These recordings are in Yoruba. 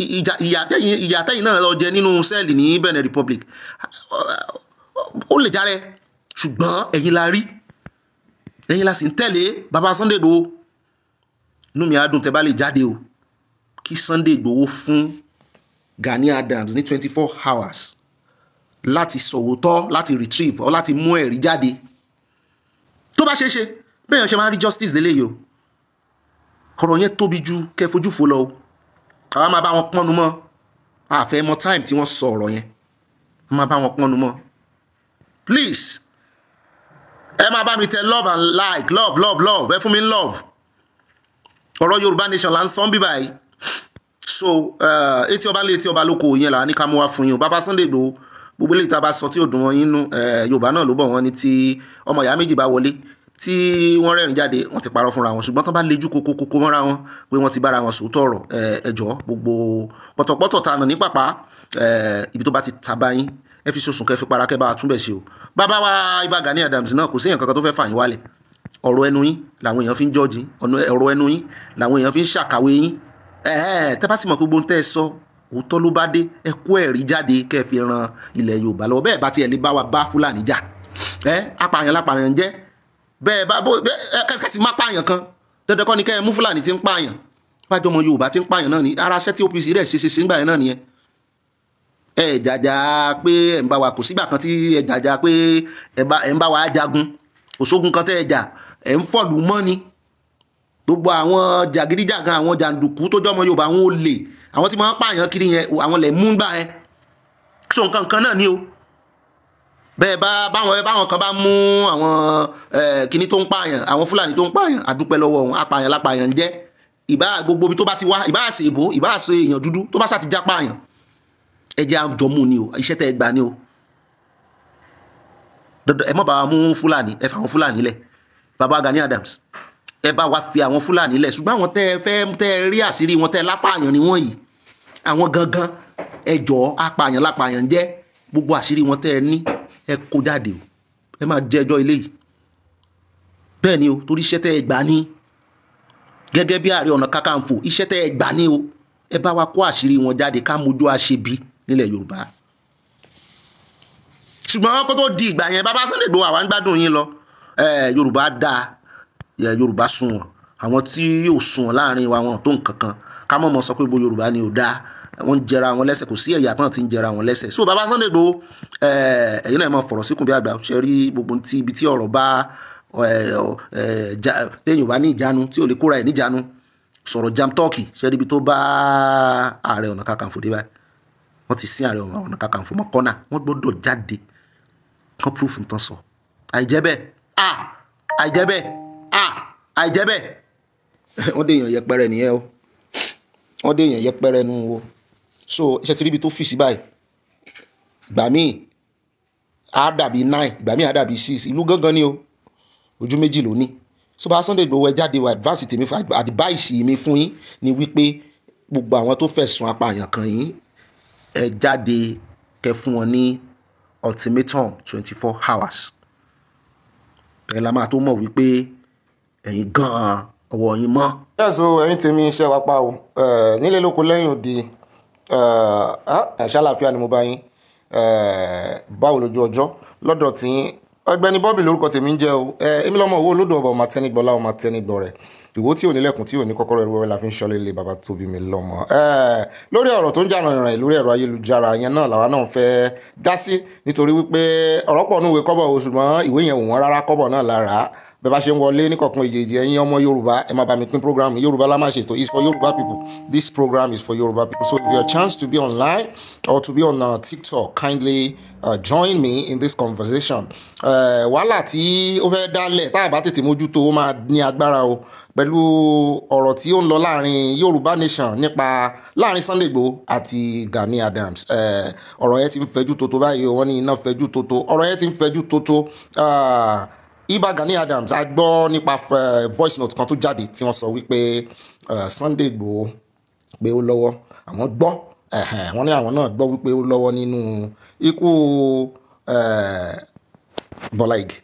ìyà tẹ́yìn náà lọ jẹ nínú sẹ́ẹ̀lì ní Benin Republic ó lè jàre ṣùgbọ́n ẹ̀yin la rí ẹ̀yin la sì ń tẹ̀lé baba Sunday Igboho inú mi á dùn tẹ́ bá lè jáde o kí Sunday Igboho fún Gani Adams ní twenty four hours láti sọ̀wọ́tọ́ láti retrieve ọ láti mú ẹ̀rí jáde tó bá ṣeé ṣe bẹ́ẹ̀ ṣe máa rí justice lélẹ́yìí o ọ̀rọ̀ yẹn tóbi ju kẹfojúfo lọ o àwa máa bá wọn pọ́nnu mọ́ àfẹ́ mọ time tí wọ́n sọ ọ̀rọ̀ yẹn a máa bá wọn pọ́nnu mọ́ please ẹ máa bá mi tẹ love and like love love love ẹ fún mi love ọ̀rọ̀ Yorùbá nation là ń sọ ń bí báyìí so eh, etí ọba lé etí ọba lóko yẹn là ní ká mú wá fún yín o bàbá Sunday Igboho gbogbo eléyìí tá a bá sọ tí ò dùn wọn yín nú eh, Yorùbá náà ló bọ̀ wọ́n ní tí ọmọ ìyá méjì bá wọlé tí wọ́n rẹ́rìn jáde wọ́n ti parọ́ fúnra wọn ṣùgbọ́n tán bá lejú kokokoko mọ́ra wọn pé wọ́n ti bára wọn sòótọ́ ọ̀rọ̀ ẹ̀jọ́ gbogbo pọ̀tọ̀pọ̀tọ̀ tanà ní pàpà ibi tó bá ti tàbá yín ẹ fi sòsùn kẹ́ fi para kẹ́ túnbẹ̀ sí o bàbá wa Ìbà Gani Adams náà kò séèyàn kankan tó fẹ́ fà yín wálẹ̀ ọ̀rọ̀ ẹnu yín làwọn èèyàn fi ń jọ́ọ̀jì ọ̀rọ̀ ẹnu yín làwọn èèyàn fi ń ṣàkàwé yín tẹ́ bá sì mọ̀ pé gbóhùn tẹ́ ẹ sọ òótọ́ ló bá dé ẹ kó ẹ̀rí jáde kẹ́ fi ran ilẹ̀ Yorùbá lọ́wọ́ bẹ́ẹ̀ bá tiẹ̀ lè bá wa bá Fúlàní jà ẹ apààyàn lápààyàn jẹ́ bẹ́ẹ̀ bá bó kẹ́sìkẹ́sì má pààyàn kan dandan kọ́ ni kẹ́ ẹ mú fúlàní tí ń pààyàn bájọ́ ọmọ yorùbá tí ń pààyàn náà ni ara ṣẹ́ tí OPC rẹ̀ ṣe ṣe ṣe ń gbà yẹn náà nìyẹn ẹ jàjà pé ẹ ń bá wa kò sígbà kan tí ẹ jàjà pé ẹ ń bá wa jagun òṣogun kan tẹ́ ẹ jà ẹ ń fọ̀lù mọ́ ni gbogbo àwọn jàgídíjàgan àwọn jàǹdùkú tó jọmọ yorùbá àwọn olè àwọn tí wọ́n pààyàn kiri yẹn àwọn lẹ̀ mú gbà yẹn so nǹkan kan náà ni o bẹ́ẹ̀ bá báwọn báwọn kan bá mú àwọn kinní tó ń pààyàn àwọn fúlàní tó ń pààyàn àdúpẹ́ lọ́wọ́ wọn apààyàn lápààyàn ń jẹ́ ìbá gbogbo ibi tó bá ti wá ìbá àṣẹ ìbò ìbá àṣẹ èèyàn dúdú tó bá ṣàti já pààyàn ẹ àjọmú ni o iṣẹ́ tẹ́ ẹ gbà ni o dandan ẹ mọ̀ bá mú fúlàní ẹ fà àwọn fúlàní lẹ̀ baba Gani Adams ẹ bá wa fi àwọn fúlàní lẹ̀ ṣùgbọ́n àwọn tẹ́ ẹ fẹ́ tẹ́ rí àṣírí wọn tẹ́ lápààyàn ni wọ́n yìí àwọn gangan ẹ jọ̀ọ́ apààyàn lápààyàn jẹ́ gbogbo àṣírí wọn tẹ́ ẹ ní ẹ kó jáde o ẹ máa jẹ ẹjọ́ ilé yìí bẹ́ẹ̀ ni o torí iṣẹ́ tẹ́ ẹ gbà ní gẹ́gẹ́ bí ààrẹ ọ̀nà kakanfò iṣẹ́ tẹ́ ẹ gbà ní o ẹ bá wa kó àṣírí wọn jáde ká mójú àṣebí nílẹ̀ yorùbá ṣùgbọ́n kó tó di ìgbà yẹn bàbá Sunday Igboho àwa ń gbádùn yín lọ yorùbá dáa yorùbá sunwọ̀n àwọn tí yóò sunwọ̀n láàrin wa wọn tó nǹkan kan ká mọ̀ mọ́ sọ pé bo yorùbá ni ò dáa wọ́n ń jẹra wọn lẹ́sẹ̀ kò sí ẹ̀yà tán ti ń jẹra wọn lẹ́sẹ̀ so baba Sunday Igboho eh, ẹ̀yin náà ẹ̀ máa fọ̀rọ̀ síkùn bí àgbà ṣe rí gbogbo ti ibi tí ọ̀rọ̀ bá eh, eh, téèyàn bá ní ìjánu tí ò lè kóra ẹ̀ níjánu sọ̀rọ̀ jam tọ́ọ̀kì ṣe rí ibi tó bá ààrẹ ọ̀nà kakanfò dé báyìí wọ́n ti sin ààrẹ ọ̀nà kakanfò mọ́ kọ́nà wọ́n gbọ́dọ̀ jáde kán púrúfù tán sọ àìjẹ́ bẹ́ẹ̀ à àìjẹ́ bẹ́ẹ̀ à àìjẹ́ bẹ́ẹ̀ wọ́n dé èèyàn yẹpẹrẹ nìyẹn o wọ́n dé èèyàn yẹpẹrẹ nù o so iṣẹ́ ti rí ibi tó fì sí báyìí ìgbà míì á dàbí nine ìgbà míì á dàbí six ìlú gangan ni o ojú méjì ló ní so bá Sunday Igboho ẹ jáde wa advance tèmi fún advice mi fún yín ni wípé gbogbo àwọn tó fẹ̀sùn apààyàn kan yìí ẹ jáde kẹ fún wọn ní ultimatum twenty four hours bẹ́ẹ̀ la máa tó mọ̀ wípé ẹ̀yin gan-an ọwọ́ yín mọ́. yẹ́sùn ẹ̀yin tèmi iṣẹ́ wa pa o nílé lóko lẹ́yìn òde Eh, ah, eh, ṣàlàfíà ni mo bá yín eh, báwo lójú ọjọ́ lọ́dọ̀ tí ọ̀gbẹ́ni Bobby lórúkọ tèmi ń jẹ́ o èmi lọ́mọ owó olódò ọba ọmọ àtẹnigbọ láwọn ọmọ àtẹnigbọ rẹ ìwó tí ò nílẹ̀kùn tí ò ní kọ́kọ́rọ́ ẹrú wẹ́wẹ́ fi ń ṣọlé ilé baba tóbi mi lọ́mọ. lórí ọ̀rọ̀ tó ń jàràn ìrìn lórí ẹ̀rọ ayélujára yẹn náà làwa náà fẹ́ dá sí nítorí wípé ọ̀rọ̀ pọ̀ nù ìwé kọ́bọ̀ o ṣùgbọ́n ìwé yẹn ò rárá kọ́bọ̀ náà lára bẹ́ẹ̀ bá ṣe ń wọlé ní kọ̀ọ̀kan ìjèjì ẹ̀yin ọmọ yorùbá ẹ máa bá mi pín program yorùbá la máa ṣètò it's for yorùbá people this program is for yorùbá people so if you have chance to be online or to be on uh, tiktok kindly uh, join me in this conversation uh, wàhálà tí ó fẹ́ dálẹ̀ tá a bá tètè mójútó ó máa ní agbára o pẹ̀lú ọ̀rọ̀ tí ó ń lọ láàrin yorùbá nation nípa láàrin Sunday Igboho àti Gani Adams uh, ọ̀rọ̀ yẹn ti ń fẹjú tótó báyìí wọ́n ní iná fẹjú tótó ọ̀rọ̀ yẹn ti ń fẹjú tótó. Uh, Iba Gani Adams a gbọ́ nípa eh, voice note kan tó jáde tí wọ́n sọ wípé eh, Sunday Igboho pé ó lọ́wọ́ àwọn gbọ́ wọ́n ní àwọn náà gbọ́ wípé ó lọ́wọ́ nínú ikú eh, Bọ́lá Ìgè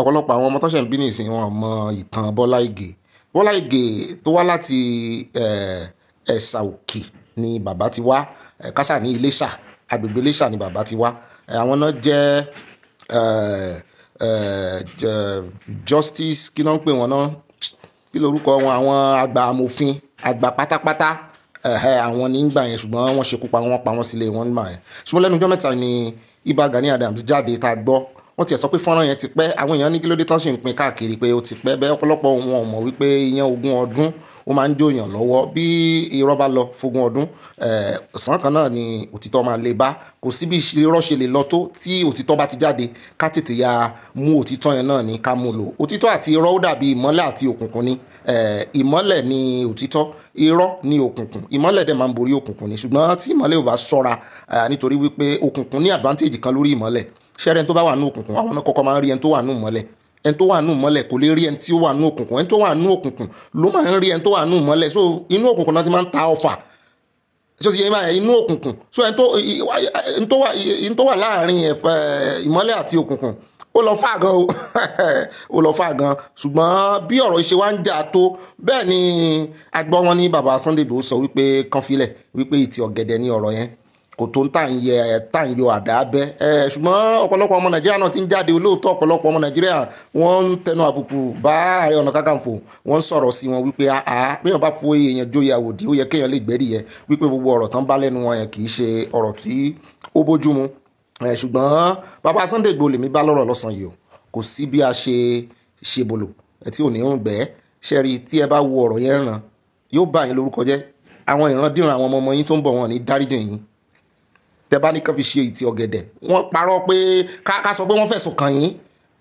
ọ̀pọ̀lọpọ̀ àwọn ọmọ tó ṣẹ̀ ń bí nìsín wọn mọ ìtàn Bọ́lá Ìgè Bọ́lá Ìgè tó wá láti Ẹ̀sà Òkè ni bàbá ti wá kásà ní Iléṣà agbègbè Iléṣà ni bàbá ti wá àwọn náà jẹ́ Eh, eh, justice kí náà ń pè wọ́n náà kí lorúkọ wọn àwọn àgbà amòfin àgbà pátápátá àwọn nígbà yẹn ṣùgbọ́n wọ́n ṣekú pa wọ́n pa wọ́n sílé wọn nígbà yẹn ṣùgbọ́n lẹ́nu ọjọ́ mẹ́ta ni Ìbà Gani Adams jáde tá a gbọ́ wọ́n tiẹ̀ sọ pé fọ́nrán yẹn ti pẹ́ àwọn èèyàn ní kí ló dé tán ṣì ń pín káàkiri pé ó ti pẹ́ bẹ́ẹ̀ ọ̀pọ̀lọpọ̀ wọn ò mọ̀ wípé ìyẹn ogún ọdún ó máa ń jóyàn lọ́wọ́ bí irọ́ bá lọ fógun ọdún ọ̀sán kan náà ni òtítọ́ máa lè bá kò sí bí irọ́ ṣe lè lọ tó tí òtítọ́ bá ti jáde ká tètè ya mú òtítọ́ yẹn náà ní ká mú lò òtítọ́ àti irọ́ ó dàbí ìmọ́lẹ̀ àti òkùnkùn ni ìmọ́lẹ̀ ni òtítọ́ irọ́ ni òkùnkùn ìmọ́lẹ̀ dẹ̀ máa ń borí òkùnkùn ni ṣùgbọ́n tí ìmọ́lẹ̀ ò bá ṣọ́ra nítorí wípé òkùnkùn ní advantage kan lórí ìmọ́lẹ̀ ṣẹ́rẹ́ tó bá wà ní òkùnkùn àwọn náà máa ń rí ẹni tó wà ní ìmọ́lẹ̀ ẹni tó wà nù mọ́lẹ̀ kò lè rí ẹni tí ó wà nù òkùnkùn ẹni tó wà nù òkùnkùn ló máa ń rí ẹni tó wà nù mọ́lẹ̀ so inú òkùnkùn náà ti máa ń ta ọfà so ti yẹ máa inú òkùnkùn so ẹni tó wà láàrin ìmọ́lẹ̀ àti òkùnkùn ó lọ fà gan o ó lọ fà gan ṣùgbọ́n bí ọ̀rọ̀ ìṣe wa ń jà tó bẹ́ẹ̀ ni agbọ́n wọn ní baba Sunday Igboho sọ wípé kan filẹ̀ wípé ìtì ọ̀gẹ̀dẹ̀ ni ọ̀rọ̀ yẹn kò tó ń tà ń yẹ tà ń yọ àdá abẹ ẹ ṣùgbọ́n ọ̀pọ̀lọpọ̀ ọmọ nàìjíríà náà ti ń jáde olóòótọ́ ọ̀pọ̀lọpọ̀ ọmọ nàìjíríà wọ́n ń tẹnu àbùkù bá ààrẹ ọ̀nà kakanfò wọ́n ń sọ̀rọ̀ sí wọn wípé àá bíyàn bá fo èèyàn jóye àwòdì ó yẹ kéèyàn lè gbẹ́rì yẹ wípé gbogbo ọ̀rọ̀ tán bá lẹ́nu wọn yẹn kì í ṣe ọ̀rọ̀ tí ó bójúmu ṣùgbọ́n bàbá Sunday Igboho lèmi bá àwọn ìrandíran àwọn ọmọ ọmọ yín tó ń bọ̀ wọn ní dáríjì yín tẹ bá ní kàn fi ṣe ìtì ọ̀gẹ̀dẹ̀ wọ́n parọ́ pé ká sọ pé wọ́n fẹ̀sùn kàn yín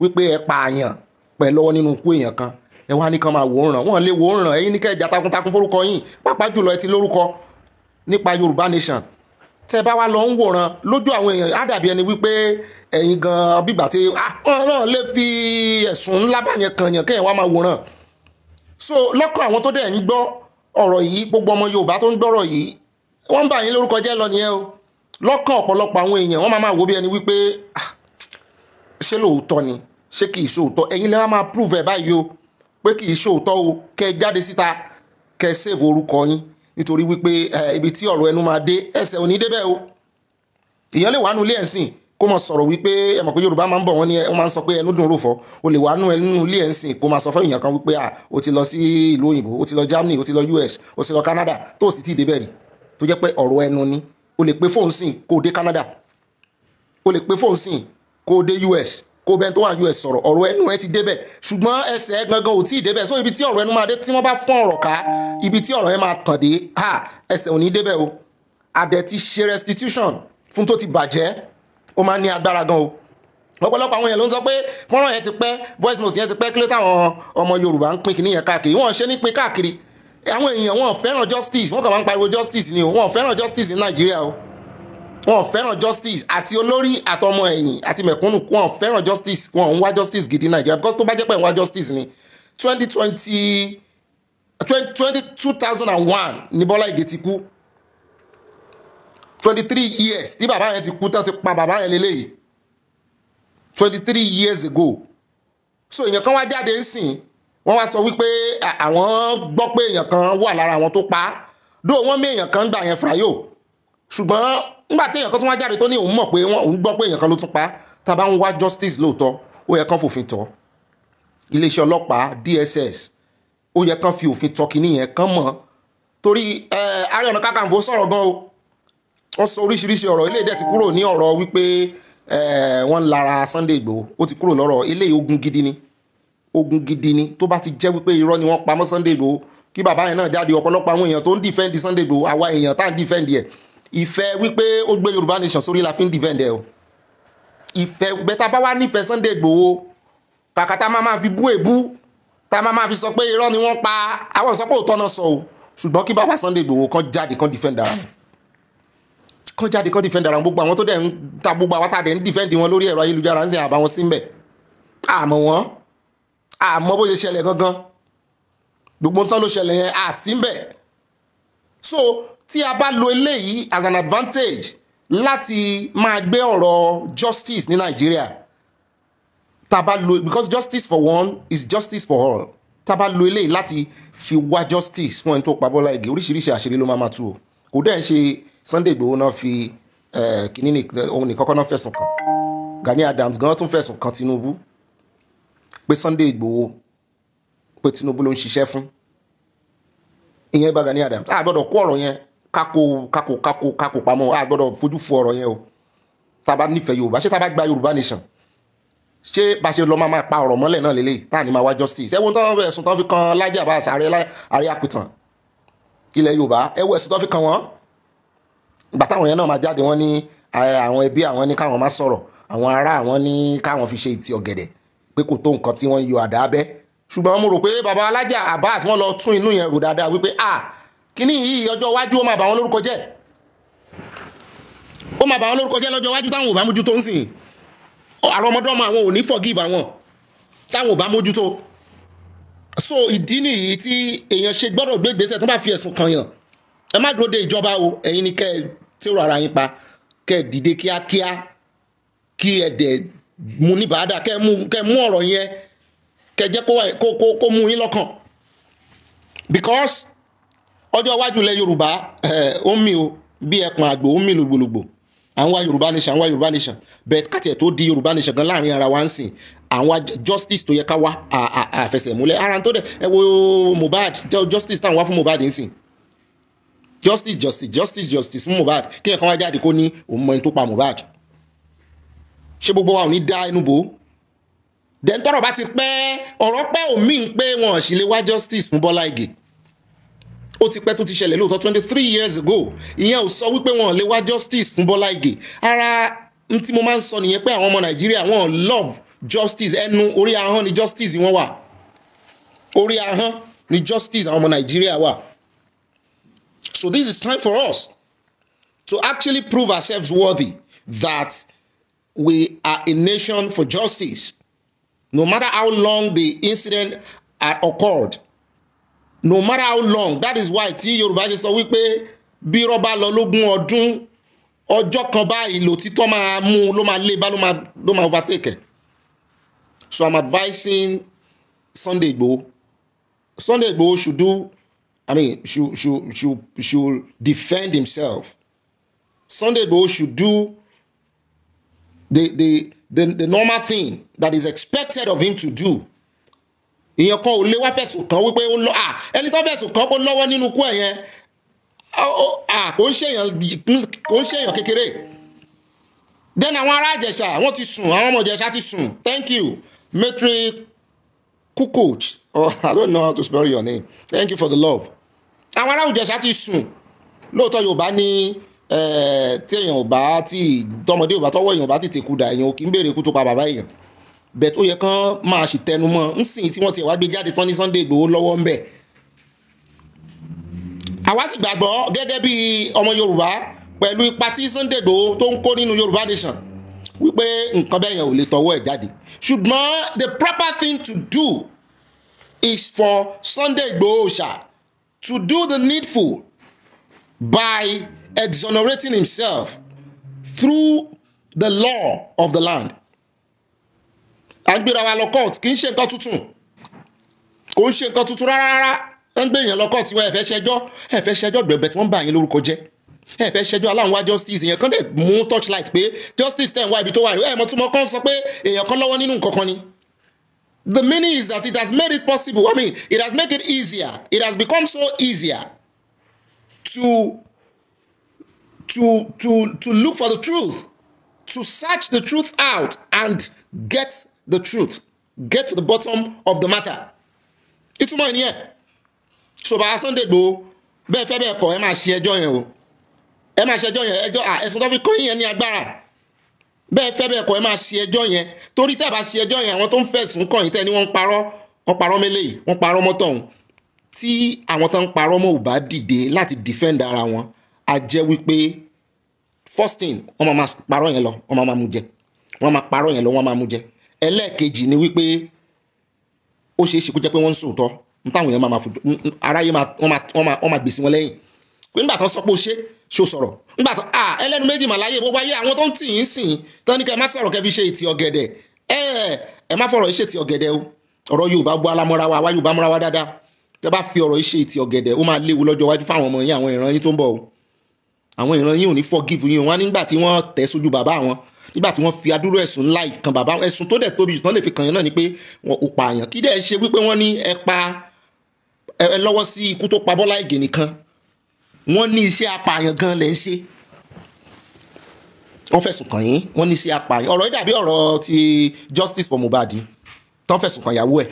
wípé ẹ pa àyàn pẹ̀lú lọ́wọ́ nínú ikú èèyàn kan ẹ wá ní kàn máa wò ó ràn wọ́n lè wò ó ràn ẹ̀yin ní kẹ́ẹ̀jà takuntakun forúkọ yín pàápàá jùlọ ẹ ti lórúkọ nípa Yorùbá Nation tẹ bá wá lọ ń wòran lójú àwọn èèyàn á ẹni wípé ẹ̀yin gan bígbà tí ah, ọ̀ràn lè fi ẹ̀sùn ńlá báyẹn kàn yàn kẹ́yìn wá máa wòran so lọ́kàn àwọn tó dẹ̀ ń gbọ́ ọ̀rọ̀ yìí gbogbo ọmọ Yorùbá tó ń gbọ́rọ̀ yìí wọ́n ń bà yín lórúkọ jẹ́ lọ nìyẹn o lọ́kàn ọ̀pọ̀lọpọ̀ àwọn èèyàn wọ́n máa máa wo bí ẹni wípé ah, ṣé lóòótọ́ ni ṣé kì ṣòótọ́ ẹ̀yin lè máa prove ẹ̀ báyìí o pé kì í ṣòótọ́ o kẹ́ ẹ jáde síta kẹ́ ẹ save orúkọ yín nítorí wípé ibi tí ọ̀rọ̀ ẹnu máa dé ẹsẹ̀ ò ní débẹ̀ o èèyàn lè wà nù ilé ẹ̀sìn kó máa sọ̀rọ̀ wípé ẹ mọ̀ pé yorùbá máa ń bọ̀ wọ́n ní wọ́n máa ń sọ pé ẹnu dùn ròfọ́ o lè wà nù ẹnu ilé ẹ̀sìn kó máa sọ fún èèyàn kan wípé ah, o ti lọ sí ìlú òyìnbó o ti lọ Germany o ti lọ US o ti lọ Canada tó o sì ti débẹ̀ rí tó jẹ́ pé ọ̀rọ̀ ẹnu ni o lè pe fóònù sìn kó o dé Canada o lè pe fóònù sìn kó o dé US kó o bẹ tó wà US sọ̀rọ̀ ọ̀rọ̀ ẹnu ẹ ti débẹ̀ ṣùgbọ́n ẹsẹ̀ gangan ò tí ì débẹ̀ so ibi tí ọ̀rọ̀ ẹnu máa dé tí wọ́n bá fọ́n ọ̀rọ̀ ká ibi tí ọ̀rọ̀ ẹ máa tàn dé ha ẹsẹ̀ ò ní débẹ̀ o adẹ̀ ti ṣe restitution fún tó ti bàjẹ́ ó máa ń ní agbára gan o ọ̀pọ̀lọpọ̀ àwọn èèyàn ló ń sọ pé fọ́nrán yẹn ti pẹ́ voice note yẹn ti pẹ́ kí ló táwọn ọmọ Yorùbá ń pín kìnìyàn káàkiri wọ́n ṣe ní pín káàkiri àwọn èèyàn wọn fẹ́ràn justice wọ́n kàn máa ń pariwo justice ni o wọn fẹ́ràn justice ní nàìjíríà o wọn ò fẹ́ràn justice àti olórí àtọmọ ẹ̀yìn àti mẹ̀kúnnù wọn ò fẹ́ràn justice wọn ò ń wá justice gidi nàìjíríà because tó bá jẹ́ pé ń wá justice ni twenty twenty twenty two thousand and one ni bọ́lá ìgè ti kú twenty three years tí bàbá yẹn ti kú tán ti pa bàbá yẹn lélẹ́yìí twenty three years ago so èèyàn kan wá jáde ń sìn wọ́n wá sọ wípé àwọn gbọ́ pé èèyàn kan wà lára àwọn tó pa á dó wọ́n mú èèyàn kan gbà yẹn Fúráyò ṣùgbọ́n nígbà tí èèyàn kan tún wá jáde tó ní òun mọ̀ pé òun gbọ́ pé èèyàn kan ló tún pa á tàbá ń wá justice lóòótọ́ ó yẹ kán fòfin tọ́ iléeṣẹ́ ọlọ́pàá DSS ó yẹ kán fi òfin tọ́ kínní yẹn kán mọ̀ torí Ààrẹ Ọ̀nà Kakanfò sọ̀rọ̀ gan o wọ́n sọ oríṣiríṣi ọ̀rọ̀ ilé ìdẹ́ ti kúrò ní ọ̀rọ̀ wípé wọ́n lara Sunday Igboho ó ti kúrò lọ́rọ̀ ilé ìogun gidi ni ogun gidi ni tó bá ti jẹ́ wípé irọ́ ni wọ́n pamọ́ Sunday Igboho kí bàbá yẹn náà jáde ọ̀pọ̀lọpọ̀ àwọn èèyàn tó ń dìfẹ́ǹdì Sunday Igboho àwa èèyàn tá à ń dìfẹ́ǹdì ẹ̀ ìfẹ́ wípé ó gbé Yorùbá nation sórí la fi ń dìfẹ́ǹdì ẹ̀ o ìfẹ́ bẹ́tà bá wà nífẹ̀ẹ́ Sunday Igboho kàkà tá a máa fi bú èbú tá a máa fi sọ pé irọ́ ni wọ́n pa àwọn ìsọpọ̀ òótọ́ náà sọ o ṣùgbọ́n kí bàbá Sunday Igboho kan jáde kan dìfẹ́ǹdì ara kan jáde kan dìfẹ́ǹdì ara gbogbo àwọn tó dẹ̀ ń ta gbogbo àwọn tá a dẹ̀ ń dìfẹ́ǹdì wọn lórí ẹ̀rọ ayélujára ń sìn àbáwọn sí mbẹ̀ àmọ́ wọn àmọ́ bó ṣe ṣẹlẹ̀ gangan gbogbo nǹkan ló ṣẹlẹ̀ yẹn à sí mbẹ̀ so tí a bá lo eléyìí as an advantage láti máa gbé ọ̀rọ̀ justice ní Nàìjíríà tá a bá lo because justice for one is justice for all tá a bá lo eléyìí láti fi wá justice fún ẹni tó pa Bọ́lá Ìgè oríṣiríṣi àṣírí ló máa máa tú o kò dẹ́ ṣe Sunday Ìgbòho náà fi eh, kínní ohun nìkọ́kọ́ náà fẹ̀sùn kàn Gani Adams gan tún fẹ̀sùn kàn Tinubu pé Sunday Igboho pé Tinubu ló ń ṣiṣẹ́ fún ìyẹn bá Gani Adams a gbọ́dọ̀ kó ọ̀rọ̀ yẹn kákó kákó kákó kákó pamọ́ a gbọ́dọ̀ fojú fo ọ̀rọ̀ yẹn o taba nífẹ̀ẹ́ Yorùbá ṣé taba gba Yorùbá nation ṣé bá ṣe lọ máa máa pa ọ̀rọ̀ mọ́lẹ̀ náà lélẹ̀ tá à ní máa wá justice ẹ̀wọ̀n tán ẹ̀sùn tán fi kan Laji Abbas ààrẹ àpìtàn ilẹ̀ Yorùbá ẹ̀wọ̀n ẹ̀sùn tán fi kan wọ́n ìgbà táwọn yẹn náà máa jáde wọ́n ní àwọn ẹbí àwọn ní káwọn máa sọ̀rọ̀ àwọn ará àwọn ní káwọn fi ṣe ìtì ọ̀gẹ̀dẹ̀ pé kò tó nǹkan tí wọ́n yọ àdá abẹ́ ṣùgbọ́n mo rò pé baba alájà Abbas wọ́n lọ tún inú yẹn rò dáadáa wípé ah kíní yìí ọjọ́ iwájú ó máa bà wọ́n lórúkọ jẹ́ ó máa bà wọ́n lórúkọ jẹ́ lọ́jọ́ iwájú táwọn ò bá mójútó ń sìn àwọn ọmọdọ́mọ àwọn ò ní forgive àwọn táwọn ò bá mójútó so ìdí nìyí tí èèyàn ṣe gbọ́dọ̀ gbé ìgbésẹ̀ tó bá fi ẹ̀sùn kàn yàn ẹ má dúró de ìjọba o ẹ̀yin ni kẹ́ ẹ tẹ́rọ ara yín pa kẹ́ ẹ dìde kíákíá kí ẹ dẹ̀ mo ní bàádà kẹ́ mú kẹ́ mú ọ̀rọ̀ yẹn kẹ́ jẹ́ kó kó kó mú yín lọ́kàn because ọjọ́ iwájú ilẹ̀ Yorùbá eh, ó mì o bí ẹ̀pọ̀n àgbò ó mì lògbòlògbò àwọn Yorùbá nation àwọn Yorùbá nation bẹ́ẹ̀ káti ẹ̀ tó di Yorùbá nation gan láàrin ara wa ń sìn àwọn justice tó yẹ ká wá àfẹsẹ̀múlẹ̀ ara tó dẹ̀ ẹ wo Mohbad justice táwọn wá fún Mohbad ń sìn justice justice justice justice fún Mohbad kí ẹ̀kan wá jáde kó ní òun mọ ẹni tó pa Mohbad ṣé gbogbo wa ò ní dá ẹnu bò ó dẹ̀ ń tọ́rọ̀ bá ti pẹ́ ọ̀rọ̀ pẹ́ omi ń pé wọn sì lè wá justice fún Bọ́lá Ìgè ó ti pẹ́ tó ti ṣẹlẹ̀ lóòótọ́ twenty three years ago ìyẹn ò sọ wípé wọn lè wá justice fún Bọ́lá Ìgè ara tí mo máa ń sọ nìyẹn pé àwọn ọmọ Nàìjíríà wọn love justice ẹnu orí ahọ́n ni justice wọn wà orí ahọ́n ni justice àwọn ọmọ Nàìjíríà wà so this is time for us to actually prove ourselves worthy that we are a nation for justice. No matter how long the incident had uh, occurred, no matter how long that is why tí Yorùbá ṣe sọ wípé bí rọ́bà lọ lógún ọdún ọjọ́ kan báyìí lòtítọ́ máa mú ló máa lé bá ló máa overtake So I'm advising Sunday Igboho. Sunday Igboho should do, I mean, should, should, should, should defend himself. Sunday Igboho should do the, the, the, the normal thing that is expected of him to do ìyẹn kan ò lè wá fẹ̀sùn kàn wípé ó lọ à ẹni tó fẹ̀sùn kàn kó lọ́wọ́ nínú ikú ẹ̀ yẹn kò ń ṣèyàn kékeré then àwọn ará Ìjẹ̀ṣà wọ́n ti sùn àwọn ọmọ Ìjẹ̀ṣà ti sùn thank you matri kukoc oh, I don't know how to spell your name thank you for the love àwọn ará Ìjẹ̀ṣà ti sùn lóòótọ́ Yorùbá ní. Eh, tí èèyàn ò bá tí tọmọdé ò bá tọwọ́ èèyàn ò bá tètè kú èèyàn ò kì í béèrè ikú tó pa bàbá èèyàn bẹ́ẹ̀ tó yẹ kán máa ṣì tẹnu mọ́ ń sìn tí wọ́n ti wá gbé jáde tán ní Sunday Ìgbòho lọ́wọ́ ń bẹ̀. àwa sì gbàgbọ́ gẹ́gẹ́ bí ọmọ Yorùbá pẹ̀lú ipa tí Sunday Ìgbòho tó ń kó nínú Yorùbá Nation wípé nǹkan bẹ́ẹ̀ yẹn ò lè tọwọ́ ẹ̀ jáde ṣùgbọ́n the proper thing to do is for Sunday Igboho Oòṣà to do the needful by exonerating himself through the law of the land. à ń gbéra wa lọ court kì í ṣe nǹkan tuntun kò ń ṣe nǹkan tuntun rárá rárá wọ́n ń gbé èèyàn lọ court wọn ẹ̀fẹ́ ṣẹjọ́ ẹ̀fẹ́ ṣẹjọ́ gbẹ̀gbẹ̀ tí wọ́n bá yín lórúkọ jẹ́ ẹ̀fẹ́ ṣẹjọ́ aláwọn justice èèyàn kan dẹ̀ mú torchlight pé justice tẹ̀ ń ibi tó wà rí ẹ̀mọ́ túmọ̀ kan sọ pé èèyàn kan lọ́wọ́ nínú nǹkan kan ni. The meaning is that it has made it possible I mean it has made it easier it has become so easier to to, to, to look for the truth, to search the truth out and get the truth, get to the bottom of the matter. Ìtumọ̀ ìnìyẹn. Ṣòbàrà Sunday Igboho bẹ́ẹ̀ fẹ́ bẹ́ẹ̀ kọ́ ẹ máa ṣe ẹjọ́ yẹn o. Ẹ máa ṣe ẹjọ́ yẹn ẹjọ́ ẹ̀sùn tó fi kọ́ yẹn ní agbára. Bẹ́ẹ̀ fẹ́ bẹ́ẹ̀ kọ́ ẹ máa ṣe ẹjọ́ yẹn torí tẹ́ ẹ bá ṣe ẹjọ́ yẹn àwọn tó ń fẹ̀sùn kàn yín tẹ́ ni wọ́n ń parọ́ wọ́n parọ́ mélèyí wọ́n parọ́ mọ́tọ̀ ọ̀hún tí àwọn tó ń parọ́ mọ́ ò bá dìde láti defend ara wọn a jẹ́ wípé first thing wọ́n máa máa parọ́ yẹn lọ wọ́n máa máa mú jẹ wọ́n máa parọ́ yẹn lọ wọ́n máa mú jẹ ẹlẹ́ẹ̀kejì ni wípé ó ṣeé ṣe kó jẹ́ pé wọ́n ń sòótọ́ n táwọn èèyàn máa máa fojú aráyé wọ́n máa gbèsè wọn lẹ́yìn pé nígbà tán sọ pé ó ṣe ṣe ó sọ̀rọ̀ nígbà tán à ẹlẹ́nu méjì mà láyé gbogbo ayé àwọn tó ń tì í sìn tán ní kẹ́ ẹ má sọ̀rọ̀ kẹ́ fi ṣe ìtì ọ̀gẹ̀dẹ̀ ẹ ẹ má fọ̀rọ̀ ṣe ìtì ọ̀gẹ̀dẹ̀ o ọ̀rọ̀ Yorùbá gbọ́ alámọ́ra wa wá Yorùbá mọ́ra wa dáadáa tẹ́ bá fi ọ̀rọ̀ ṣe ìtì ọ̀gẹ̀dẹ̀ ó máa léwu lọ́jọ́ iwájú fáwọn ọmọ yín àwọn ìran yín tó ń bọ̀ o àwọn ìran yìí ò ní forgive yín wọn nígbà tí wọ́n tẹ̀ sójú bàbá wọn nígbà tí wọ́n fi adúrú ẹ̀sùn ńlá ìkan bàbá wọn ẹ̀sùn tó dẹ̀ tóbi jù tán lè fi kàn yín náà ni pé wọn ò pààyàn kí dẹ̀ ṣe wípé wọ́n ní ẹ pa ẹ lọ́wọ́ sí ikú tó pa Bọ́lá Ìgè nìkan wọ́n ní iṣẹ́ apààyàn gan lẹ́ ń ṣe wọ́n fẹ̀sùn kàn yín wọ́n ní iṣẹ́ apààyàn ọ̀rọ̀ yìí dàbí ọ̀rọ̀ ti justice for Mohbad tán fẹ̀sùn kàn yàwó ẹ̀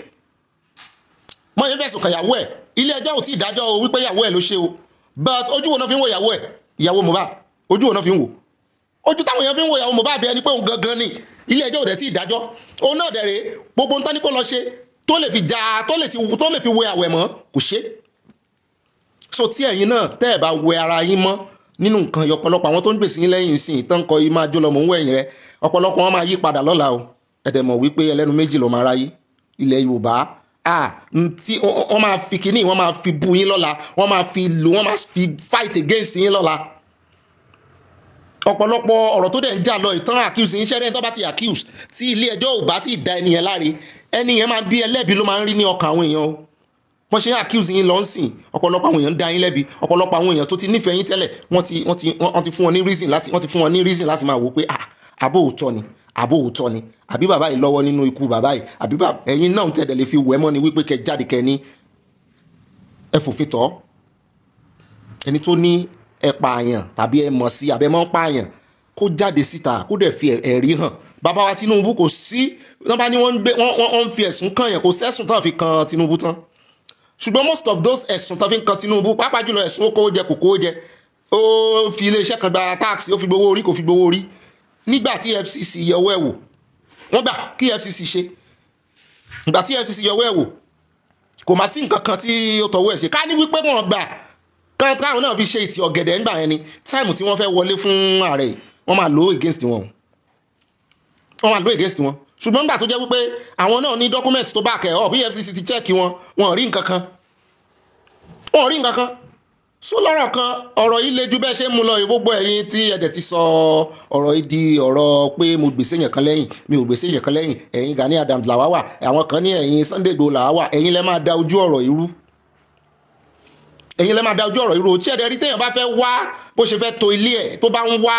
mọ̀ yín fẹ̀sùn kàn yàwó ẹ̀ ilé ẹjọ́ ò tí ì dájọ́ wípé yàwó ẹ̀ ló ṣe o but ojú wo náà fi ń wo yàwó ẹ̀ ìyàwó Mohbad ojú ọ̀nà fi ń wò ojú táwọn èèyàn fi ń wo ìyàwó Mohbad bí ẹni pé òun gangan ni ilé ẹjọ́ òde tí ìdájọ́ òun náà dẹ̀ rèé gbogbo ń tán ní kó lọ ṣe tó lè fi jà tó lè fi wẹ àwẹ̀ mọ́ kò ṣe so tí ẹ̀yin náà tẹ́ ẹ̀ bá wẹ ara yín mọ́ nínú nǹkan yọ ọ̀pọ̀lọpọ̀ àwọn tó ń gbèsè yín lẹ́yìn ìsìn ìtàn kọ yìí máa jó lọmọ òun ẹ̀yìn rẹ ọ̀pọ̀lọpọ̀ wọn máa yí padà lọ́la o ẹ̀dẹ̀ wípé ẹlẹ́nu méjì ló máa ráyé ilẹ̀ Yorùbá ah ntí wọ́n máa fi kíní wọ́n máa fi bu yín lọ́la wọ́n máa fi lò wọ́n máa fi fight against yín lọ́la ọ̀pọ̀lọpọ̀ ọ̀rọ̀ tó dẹ̀ ń jà lọ ìtàn accuse yín ṣẹ́rẹ́ tó bá ti accuse tí ilé ẹjọ́ ò bá ti da ẹnìyẹn láre ẹnìyẹn máa bí ẹlẹ́bi ló máa ń rí ní ọkàn àwọn èèyàn o wọ́n ṣe ń accuse yín lọ ń sìn ọ̀pọ̀lọpọ̀ àwọn èèyàn ń da yín lẹ́bi ọ̀pọ̀lọpọ̀ àwọn èèyàn tó ti nífẹ̀ẹ́ yín tẹ́lẹ̀ wọ́n ti fún wọn ní reason láti máa wò pé àbò òótọ́ ni àbó òótọ́ ni àbí bàbá yìí lọ́wọ́ nínú ikú bàbá yìí àbí ẹ̀yin náà ń tẹ̀dẹ̀ lè fi wẹ̀ mọ́ ni wípé kẹ jáde kẹ ní ẹ fòfin tọ́ ẹni tó ní ẹ pààyàn tàbí ẹ mọ̀ sí àbẹ́mọ́ pààyàn kó jáde síta kó dẹ̀ fi ẹ̀rí hàn bàbá wa Tinubu kò sí wọ́n bá ní wọ́n ń fi ẹ̀sùn kàn yẹn kò sẹ́sùn tán fi kan Tinubu tán ṣùgbọ́n most of those ẹ̀sùn tán fi ń kan Tinubu pàápàá jùlọ ẹ̀sùn ó kówó jẹ kò kówó jẹ ó fi iléeṣẹ́ kan gba tax ó fi gbowó orí kò fi gbowó orí nígbà tí EFCC yọwọ́ ẹ̀ wò wọ́n gbà kí EFCC ṣe ìgbà tí EFCC yọwọ́ ẹ̀ wò kò má sí nǹkan kan tí ó tọwọ́ ẹ̀ ṣe ká ní wípé wọ́n gbà kan táwọn náà fi ṣe ìtì ọ̀gẹ̀dẹ̀ ńgbà yẹn ni táìmù tí wọ́n fẹ́ wọlé fún ààrẹ wọ́n máa lò ó against wọn wọ́n máa lò ó against wọn ṣùgbọ́n nígbà tó jẹ́ wípé àwọn náà ní document tó back up EFCC ti check wọn wọn ò rí nǹkan kan wọn ò rí nǹkan kan so lọ́rọ̀ kan ọ̀rọ̀ yìí le ju bẹ́ẹ̀ ṣe ń mu lọ gbogbo ẹ̀yin tí ẹ̀dẹ̀ ti sọ ọ̀rọ̀ yìí di ọ̀rọ̀ pé mo gbèsè yẹn kan lẹ́yìn mi ò gbèsè yẹn kan lẹ́yìn ẹ̀yin Gani Adams làwa wà àwọn kan ní ẹ̀yin Sunday Igboho làwa wà ẹ̀yin lẹ́ máa da ojú ọ̀rọ̀ irú ẹ̀yin lẹ́ máa da ojú ọ̀rọ̀ irú tí ẹ̀dẹ̀ rí téèyàn bá fẹ́ wá bó ṣe fẹ́ to ilé ẹ̀ tó bá ń wá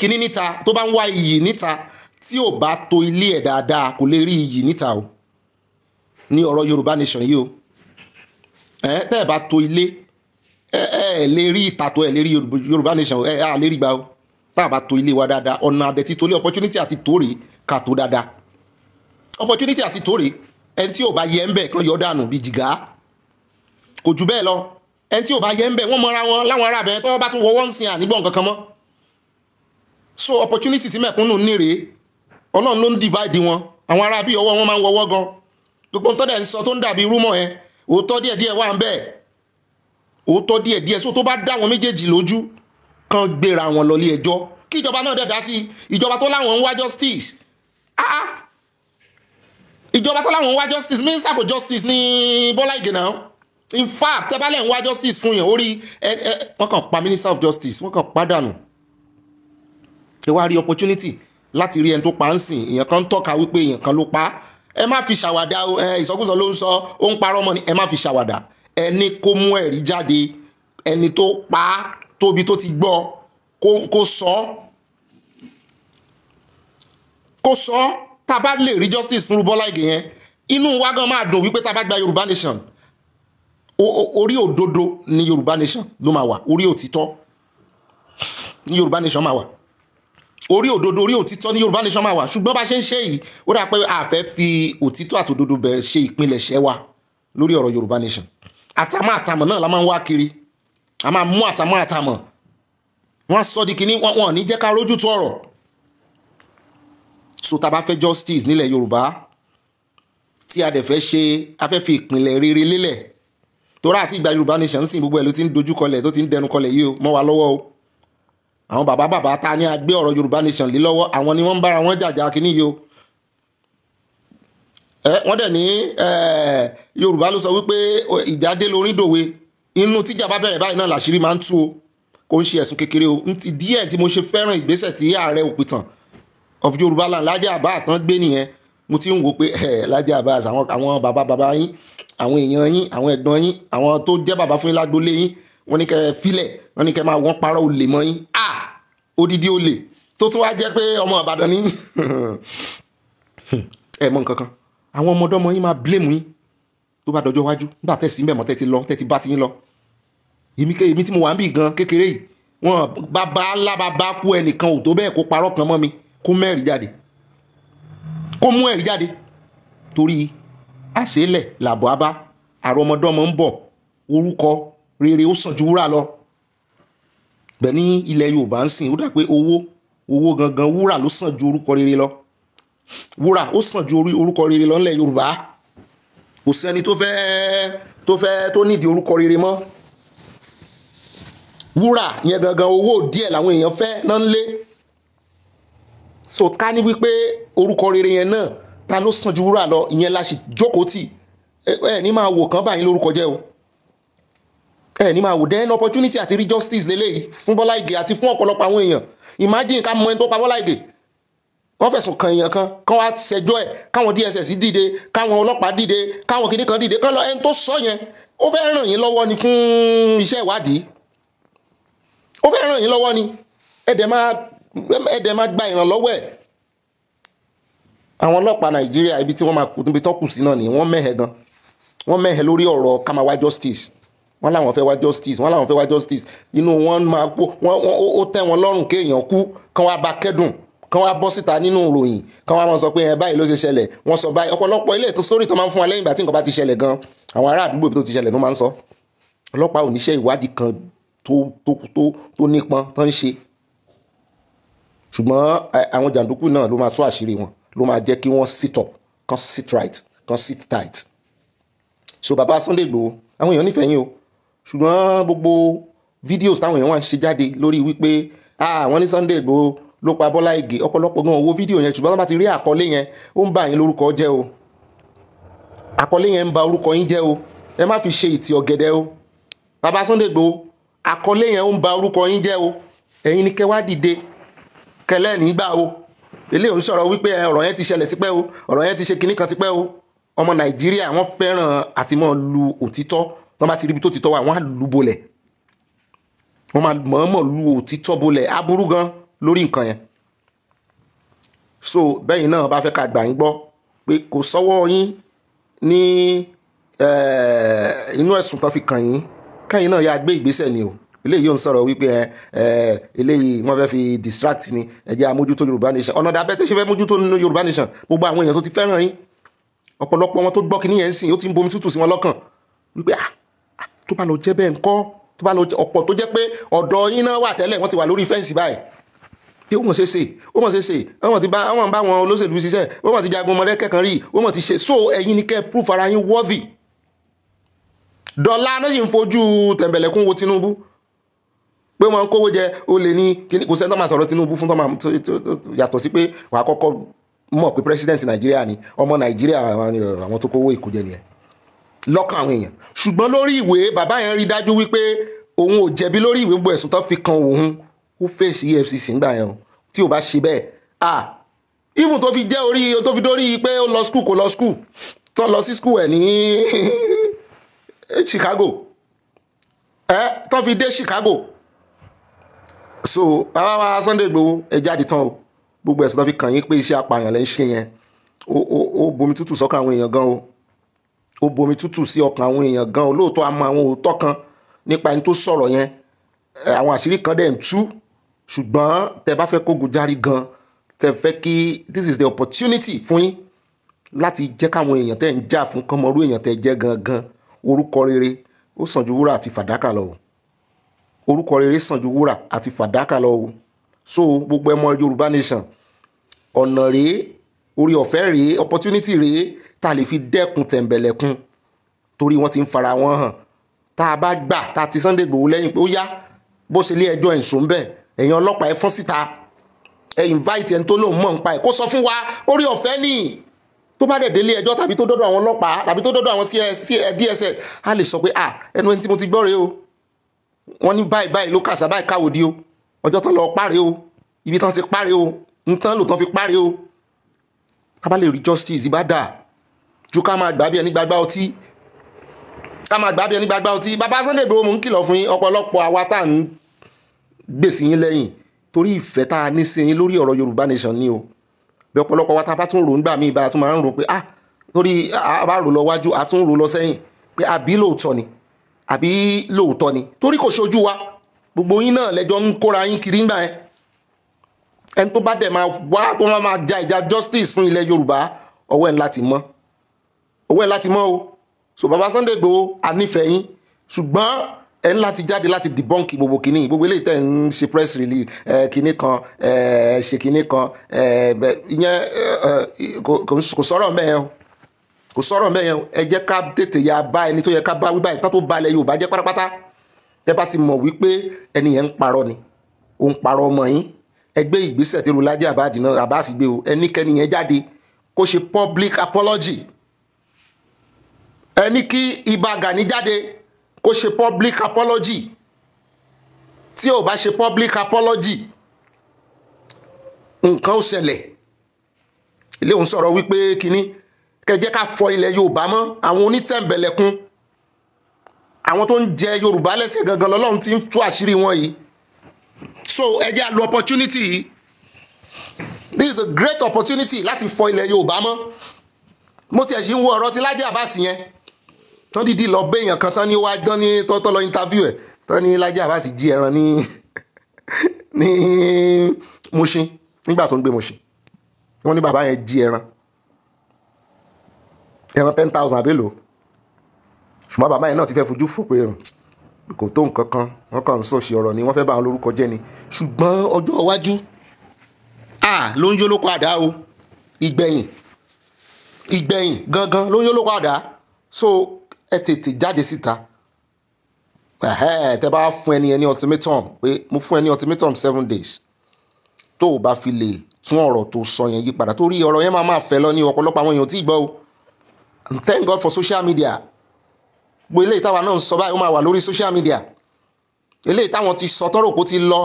kinní níta tó bá ń wá iyì níta tí ò bá to ilé ẹ̀ dáadáa kò lè rí iyì níta o ní ọ̀rọ̀ Yorùbá nation yìí o ẹ̀ tẹ́ ẹ̀ bá to ilé ẹ ẹ lè rí ìtàtọ ẹ lè rí yorùbá nation ẹ á lè rí gbà ó tá a bá to ilé wa dáadáa ọ̀nà àdẹ̀tí tó lé opportunity àti tóòrè ká tó dáadáa opportunity àti tóòrè ẹni tí ò bá yẹ ń bẹ̀ kan yọ dànù bíi jìgá kò jù bẹ́ẹ̀ lọ ẹni tí ò bá yẹ ń bẹ̀ wọ́n mọra wọn láwọn ará abẹ́rẹ́ tọ́wọ́ bá tún wọ wọ́n ń sin ànígbọ̀n kankan mọ́ so opportunity ti mẹ̀kúnnù ní rèé ọlọ́run ló ń divide wọn àwọn ará bíi ọwọ́ wọn máa ń wọwọ́ gan gbogbo ń tọ́jà ń sọ tó ń dàbí rúmọ̀ ẹ òótọ́ díẹ̀díẹ̀ wà ń bẹ́ẹ̀ òótọ́ díẹ̀díẹ̀ so tó bá dá àwọn méjèèjì lójú kan gbéra wọn lọ ilé ẹjọ́ kí ìjọba náà dẹ̀ dá sí ìjọba tó láwọn ń wá justice ah ah ìjọba tó láwọn ń wá justice minister for justice ní Bọ́lá Ìgè náà in fact tẹ́bálẹ̀ ń wá justice fún yàn orí ẹ ẹ wọ́n kàn pa minister of justice wọ́n kàn pàdánù ẹ wá rí opportunity láti rí ẹni tó pa á ń sìn èèyàn kan ń tọ́ka wípé èèyàn kan ló pa á ẹ má fi ṣàwàdà ìsọkúsọ ló ń sọ ó ń parọ́ mọ́ ni ẹ má fi ṣàwàdà ẹni kó mú ẹ̀rí jáde ẹni tó pa á tóbi tó ti gbọ́ kó sọ kó sọ tá a bá lè rí justice fún Bọ́lá Ìgè yẹn inú wa gan máa dùn wípé tá a bá gba Yorùbá nation orí òdodo ni Yorùbá nation ló máa wà orí òtítọ́ ni Yorùbá nation máa wà orí òdodo orí òtítọ́ ní Yorùbá nation máa wà ṣùgbọ́n bá ṣe ń ṣe yìí ó dà pé a fẹ́ fi òtítọ́ àtòdodo bẹ̀rẹ̀ ṣe ìpilẹ̀ṣẹ̀ wa lórí ọ̀rọ̀ Yorùbá nation àtàmọ́ àtàmọ́ náà la máa ń wá kiri a máa mú àtàmọ́ àtàmọ́ wọ́n sọ di kínní wọn ò ní jẹ́ ká rójú tó ọ̀rọ̀ so tá a bá fẹ́ justice nílẹ̀ Yorùbá tí a dẹ̀ fẹ́ ṣe a fẹ́ fi ìpìlẹ̀ rere lélẹ̀ torí àti ìgbà Yorùbá nation ń sìn gbogbo ẹ̀ ló ti ń dojú kọlẹ̀ tó ti ń dẹnu kọlẹ̀ yìí mọ́ wa lọ́wọ́ o àwọn bàbá bàbá ta ni a gbé ọ̀rọ̀ Yorùbá nation lé lọ́wọ́ àwọn ni wọ́n ń bára wọn jàjà kínní yìí o Eh, wọ́n dẹ̀ ní eh, yorùbá ló sọ wípé ìjádé lórí dòwe inú tíjà bá bẹ̀rẹ̀ báyìí náà làṣírí máa ń tú o kò ń ṣe ẹ̀sùn kékeré o ní ti díẹ̀ tí mo ṣe fẹ́ràn ìgbésẹ̀ tí ààrẹ òpìtàn of yorùbá land Laji Abbas náà gbé nìyẹn mo ti ń wò pé eh, Laji Abbas àwọn bàbá bàbá yín àwọn èèyàn yín àwọn ẹ̀gbọ́n yín àwọn tó jẹ́ bàbá fún yín lágbólé yín wọ́n ní kẹ́ ẹ filẹ̀ wọ́n ní kẹ́ máa wọ́n parọ́ olè mọ́ yín à odidi olè tó tún wá jẹ́ pé ọmọ Ìbàdàn ní ẹ̀ mọ́ nǹkan kan àwọn ọmọdọ́mọ yín máa blame yín tó bá dọjọ́ wájú nígbà tẹ̀sí ń bẹ̀ mọ́ tẹ́tí lọ tẹ́tí bá ti yín lọ èmi èmi tí mo wà ń bì gan kékeré yìí wọn bàbá ńlá bàbá kú ẹnìkan ò tó bẹ́ẹ̀ kó parọ́ kan mọ́ mi kó mẹ́rìí jáde kó mú ẹ̀rí jáde torí àṣélẹ̀ làbọ̀ abá àrọmọdọ́mọ ń bọ̀ orúkọ rere ó sàn ju wúrà lọ bẹ́ẹ̀ ní ilẹ̀ Yorùbá ń sìn ó dà pé owó owó gangan wúrà ló sàn ju orúkọ rere lọ wúrà ó sàn ju orúkọ rere lọ nílẹ̀ yorùbá kò sẹ́ni tó fẹ́ tó fẹ́ tó nídìí orúkọ rere mọ́ wúrà yẹn gangan owó díẹ̀ làwọn èèyàn fẹ́ náà ń lé so ká ní wípé orúkọ rere yẹn náà ta ló sàn ju wúrà lọ ìyẹn la sì jókòó tì ẹ ní máa wò kán báyìí lórúkọ jẹ́ o ẹ ní máa wò then opportunity àti rí justice lélẹ́yìí fún Bọ́lá Ìgè àti fún ọ̀pọ̀lọpọ̀ àwọn èèyàn imagine ká mọ ẹni tó pa Bọ́lá Ìgè wọ́n fẹ̀sùn kan èèyàn kan kán wá ṣẹjọ́ ẹ̀ káwọn DSS dìde káwọn ọlọ́pàá dìde káwọn kìnnì kan dìde kán lọ ẹni tó sọ yẹn ó fẹ́ ràn yín lọ́wọ́ ni fún iṣẹ́ ìwádìí ó fẹ́ ràn yín lọ́wọ́ ni ẹ̀dẹ̀ máa ẹ̀dẹ̀ máa gba ìrànlọ́wọ́ ẹ̀ àwọn ọlọ́pàá Nàìjíríà ibi tí wọ́n máa kú níbi tó kù sí náà ni wọ́n mẹ́hẹ̀ gan wọ́n mẹ́hẹ̀ lórí ọ̀rọ̀ ká máa justice wọ́n làwọn fẹ́ wá justice wọ́n làwọn fẹ́ wá justice inú wọn máa kú wọ́n ó tẹ́ wọn lọ́rùn kéèyàn kú kán wá bá kẹ́dùn kan wá bọ́ síta nínú ìròyìn kan wá máa sọ pé ẹ báyìí ló ṣe ṣẹlẹ̀ wọ́n sọ báyìí ọ̀pọ̀lọpọ̀ ilé ètò sórí tó máa ń fún wa lẹ́yìn ìgbà tí nǹkan bá ti ṣẹlẹ̀ gan àwọn ará àdúgbò ibi tó ti ṣẹlẹ̀ ló máa ń sọ ọlọ́pàá oníṣẹ́ ìwádìí kan tó tó tó tó nípọn tó ń ṣe ṣùgbọ́n àwọn jàǹdùkú náà ló máa tú àṣírí wọn ló máa jẹ́ kí wọ́n sit up kan sit right kan sit tight so bàbá Sunday Igboho àwọn èèyàn nífẹ̀ẹ́ yín o ṣùgbọ́n gbogbo fídíòs táwọn èèyàn wà ń ṣe jáde lórí wípé ah wọ́n ní Sunday Igboho ló pa Bọ́lá Ìgè ọ̀pọ̀lọpọ̀ gan owó fídíò yẹn ṣùgbọ́n bá ti rí àkọlé yẹn ó ń bà yín lórúkọ jẹ́ o àkọlé yẹn ń ba orúkọ yín jẹ́ o ẹ má fi ṣe ìtì ọ̀gẹ̀dẹ̀ o bàbá Sunday Igboho àkọlé yẹn ń ba orúkọ yín jẹ́ o ẹ̀yin ni kẹwàá dìde kẹlẹ́ nígbà o eléyìí ń sọ̀rọ̀ wípé ọ̀rọ̀ yẹn ti ṣẹlẹ̀ tipẹ́ o ọ̀rọ̀ yẹn ti ṣe kinní kan tipẹ́ o ọmọ Nàìjíríà wọ́n fẹ́ràn àti máa lu òtítọ́ wọ́n bá ti ríbi tó ti tọ́ wa wọ́n á lu bolẹ̀ wọ́n máa mọ̀ọ́mọ̀ lu òtítọ́ bolẹ̀ aburú gan-an lórí nǹkan yẹn so bẹ́yìn náà bá fẹ́ ká gbà yín gbọ́ pé kò sọ́wọ́ yín ní eh, inú ẹ̀sùn tán fi kàn yín kẹ́yìn náà yá gbé ìgbésẹ̀ ni o eléyìí ò ń sọ̀rọ̀ wípé ẹ eh, ẹ eh, eléyìí wọ́n fẹ́ fi distract ni ẹ jẹ́ amójútó Yorùbá Nation ọ̀nà dàbẹ́ tẹ́ ṣe fẹ́ mójútó nínú Yorùbá Nation gbogbo àwọn èèyàn tó ti fẹ́ràn yín ọ̀pọ̀lọpọ̀ wọn tó gbọ́ kí níyẹn ń sìn ó ti ń bomi tútù sí wọn lọ́kàn wípé ah, ah tó bá lọ jẹ́ bẹ́ẹ̀ ńkọ́ tó bá lọ ọ̀pọ̀ tó jẹ́ pé ọ̀dọ̀ yín náà wà tẹ́lẹ̀ wọ́n ti wà lórí fẹ́ǹsì báyìí ó mọ̀ ṣe ṣe ó mọ̀ ṣe ṣe wọ́n ti bá wọ́n bá wọn olóṣèlú ṣiṣẹ́ wọ́n ti jagun ọmọdé kẹ́kàn rí wọ́n ti ṣe so ẹ̀yin ni kẹ́ proof ara yín worthy dọ̀là ló yìí ń fojú tẹ̀m̀bẹ̀lẹ̀kún wo Tinubu pé wọ́n kówó jẹ olè ní kíní kò sẹ́ńtọ́ máa sọ̀rọ̀ Tinubu fún tọ́mà yàtọ̀ sí pé wọ́n á kọ́kọ́ mọ̀ pé pírẹsidẹ́ǹtì Nàìjíríà ni ọmọ Nàìjíríà àwọn tó kówó ìkújẹ nìyẹn lọ́kàn àwọn èèyàn ṣùgbọ́n lórí ìwé bàbá yẹn rí dájú wípé òun ò jẹ̀bi lórí ìwé gbogbo ẹ̀sùn tó fi kan òun ó fèsì EFCC ńgbà yẹn o tí ò bá ṣe bẹ́ẹ̀ ah even tó fi jẹ́ orí tó fi dórí pé ó lọ skul kò lọ skul tó lọ sí skul ẹ̀ ní Chicago ẹ eh, tó fi dé Chicago so bàbá wa Sunday Igboho ẹ jáde tán o gbogbo ẹ̀sìn tó fi kàn yín pé iṣẹ́ apààyàn lẹ́ ń ṣe yẹn ó bomi tútù sọ́kàn àwọn èèyàn gan o ó bomi tútù sí ọkàn àwọn èèyàn gan o lóòótọ́ a mọ àwọn òótọ́ kan nípa ẹni tó sọ̀rọ̀ yẹn àwọn àṣírí kan dẹ̀ ń tú ṣùgbọ́n tẹ bá fẹ́ kógun járí gan tẹ fẹ́ kí this is the opportunity fún yín láti jẹ́ káwọn èèyàn tẹ́ ń jà fún kán mọ́rú èèyàn tẹ́ jẹ́ gangan orúkọ rere ó sàn ju wúrà àti fàdákà lọ o orúkọ rere sàn ju wúrà àti fàdákà lọ o so gbogbo ẹmọ Yorùbá nation ọ̀nà rèé orí ọ̀fẹ́ rèé opportunity rèé tá a lè fi dẹ́kun tẹ̀m̀bẹ̀lẹ̀kun torí wọ́n ti ń fara wọn hàn tá a bá gbà tá a ti Sunday Igboho lẹ́yìn pé ó yá bó ṣe lé ẹjọ́ ẹ̀sùn bẹ́ẹ̀ ẹ̀yin ọlọ́pàá ẹ fọ́n síta ẹ invite ẹni tó lóun mọ̀ nípa ẹ̀ kó sọ fún wa orí ọ̀fẹ́ ni tó bá dẹ̀ délé ẹjọ́ tàbí tó dọ́dọ̀ àwọn ọlọ́pàá tàbí tó dọ́dọ̀ àwọn DSS eh, a lè sọ pé à ẹnu ẹni tí mo ti gbọ́ rèé o wọ́n ní báyìí báyìí ló kàṣà báyìí káwòdì o ọjọ́ tán lọ páre o ibi tán ti páre o ń tán lò tán fi páre o ká bá lè rí justice ìbá dà ju ká máa gbà bí ẹni gbàgbá ọtí ká máa gbà bí ẹni gbàgbá ọtí bàbá Sunday Igboho kìlọ̀ fún yín ọ̀pọ̀lọpọ̀ àwa tá à ń gbèsè yín lẹ́yìn torí ìfẹ́ tá a ní sí yín lórí ọ̀rọ̀ Yorùbá Nation ni o bí ọ̀pọ̀lọpọ̀ wa ta bá tún rò nígbà míì bá a tún máa ń rò pé ah torí a bá rò lọ wájú a tún rò lọ sẹ́yìn pé àbí lóòótọ́ ni àbí lóòótọ́ ni torí kò ṣojú wa gbogbo yín náà lẹ́jọ́ ń kóra yín kiri ńgbà yẹn ẹni tó bá dẹ̀ máa wá tó máa máa ja ìjà justice fún ilẹ̀ Yorùbá ọwọ́ ẹ̀ láti mọ́ ọwọ́ ẹ̀ láti mọ́ o so baba Sunday Igboho a nífẹ̀ẹ́ yín ṣùgbọ́n ẹ ń láti jáde láti debunk gbogbo kìíní gbogbo eléyìí tẹ̀ ń ṣe press release ẹ kìíní kan ẹ ṣe kìíní kan ẹ bẹ ìyẹn kò sọ̀rọ̀ mẹ́yẹn o kò sọ̀rọ̀ mẹ́yẹn o ẹ jẹ́ ká tètè ya bá ẹni tó yẹ ká bá wí báyìí ká tó balẹ̀ Yorùbá jẹ́ pátápátá ẹ bá ti mọ̀ wípé ẹni yẹn ń parọ́ ni ó ń parọ́ ọmọ yín ẹ gbé ìgbésẹ̀ tí Rúlájí Àbáàdì náà Àbáàsì gbé o ẹnikẹ́ni yẹn jáde kó ṣe public apology ẹni kí Ìbà Gani jáde kó ṣe public apology tí ò bá ṣe public apology nǹkan ó ṣẹlẹ̀ ilé òun sọ̀rọ̀ wípé kínní kẹjẹ́ ká fọ ilẹ̀ Yorùbá mọ́ àwọn onítẹ̀m̀bẹ̀lẹ̀kun àwọn tó ń jẹ Yorùbá lẹ́sẹ̀ gangan lọ́lọ́run ti ń tú àṣírí wọn yìí so ẹ jẹ́ opportunity yìí this is a great opportunity láti fọ ilẹ̀ Yorùbá mọ́ mo tiẹ̀ sì ń wo ọ̀rọ̀ ti Lájí Àbáàsì yẹn tán dídí lọ béèyàn kan tán ní wá tán ní tọ́tọ́ lọ interview ẹ̀ tán ní Laji Abbas jí ẹran ní ní Mushin nígbà tó ń gbé Mushin wọ́n ní bàbá yẹn jí ẹran ẹran ten thousand àbẹ́lò ṣùgbọ́n bàbá yẹn náà ti fẹ́ fojú fò pé hmm, kò tó nǹkan kan wọ́n kàn ń sọ̀ṣì ọ̀rọ̀ ni wọ́n fẹ́ bá wọn lórúkọ jẹ́ ni ṣùgbọ́n ọjọ́ iwájú à ló ń yólókọ àdá o ìgbẹ̀yìn ìgbẹ̀yìn gangan ló ń yólókọ àdá so ẹ tètè jáde síta tẹ bá fún ẹni ẹni ultimatum pé mo fún ẹni ultimatum seven days tó o bá fi lè tún ọ̀rọ̀ tó sọ yẹn yí padà torí ọ̀rọ̀ yẹn máa máa fẹ́ lọ ní ọ̀pọ̀lọpọ̀ àwọn èèyàn tí ì gbọ́ o and thank God for social media gbogbo eléyìí táwa náà ń sọ báyìí ó máa wà lórí social media eléyìí táwọn ti sọ tọrọ kó ti lọ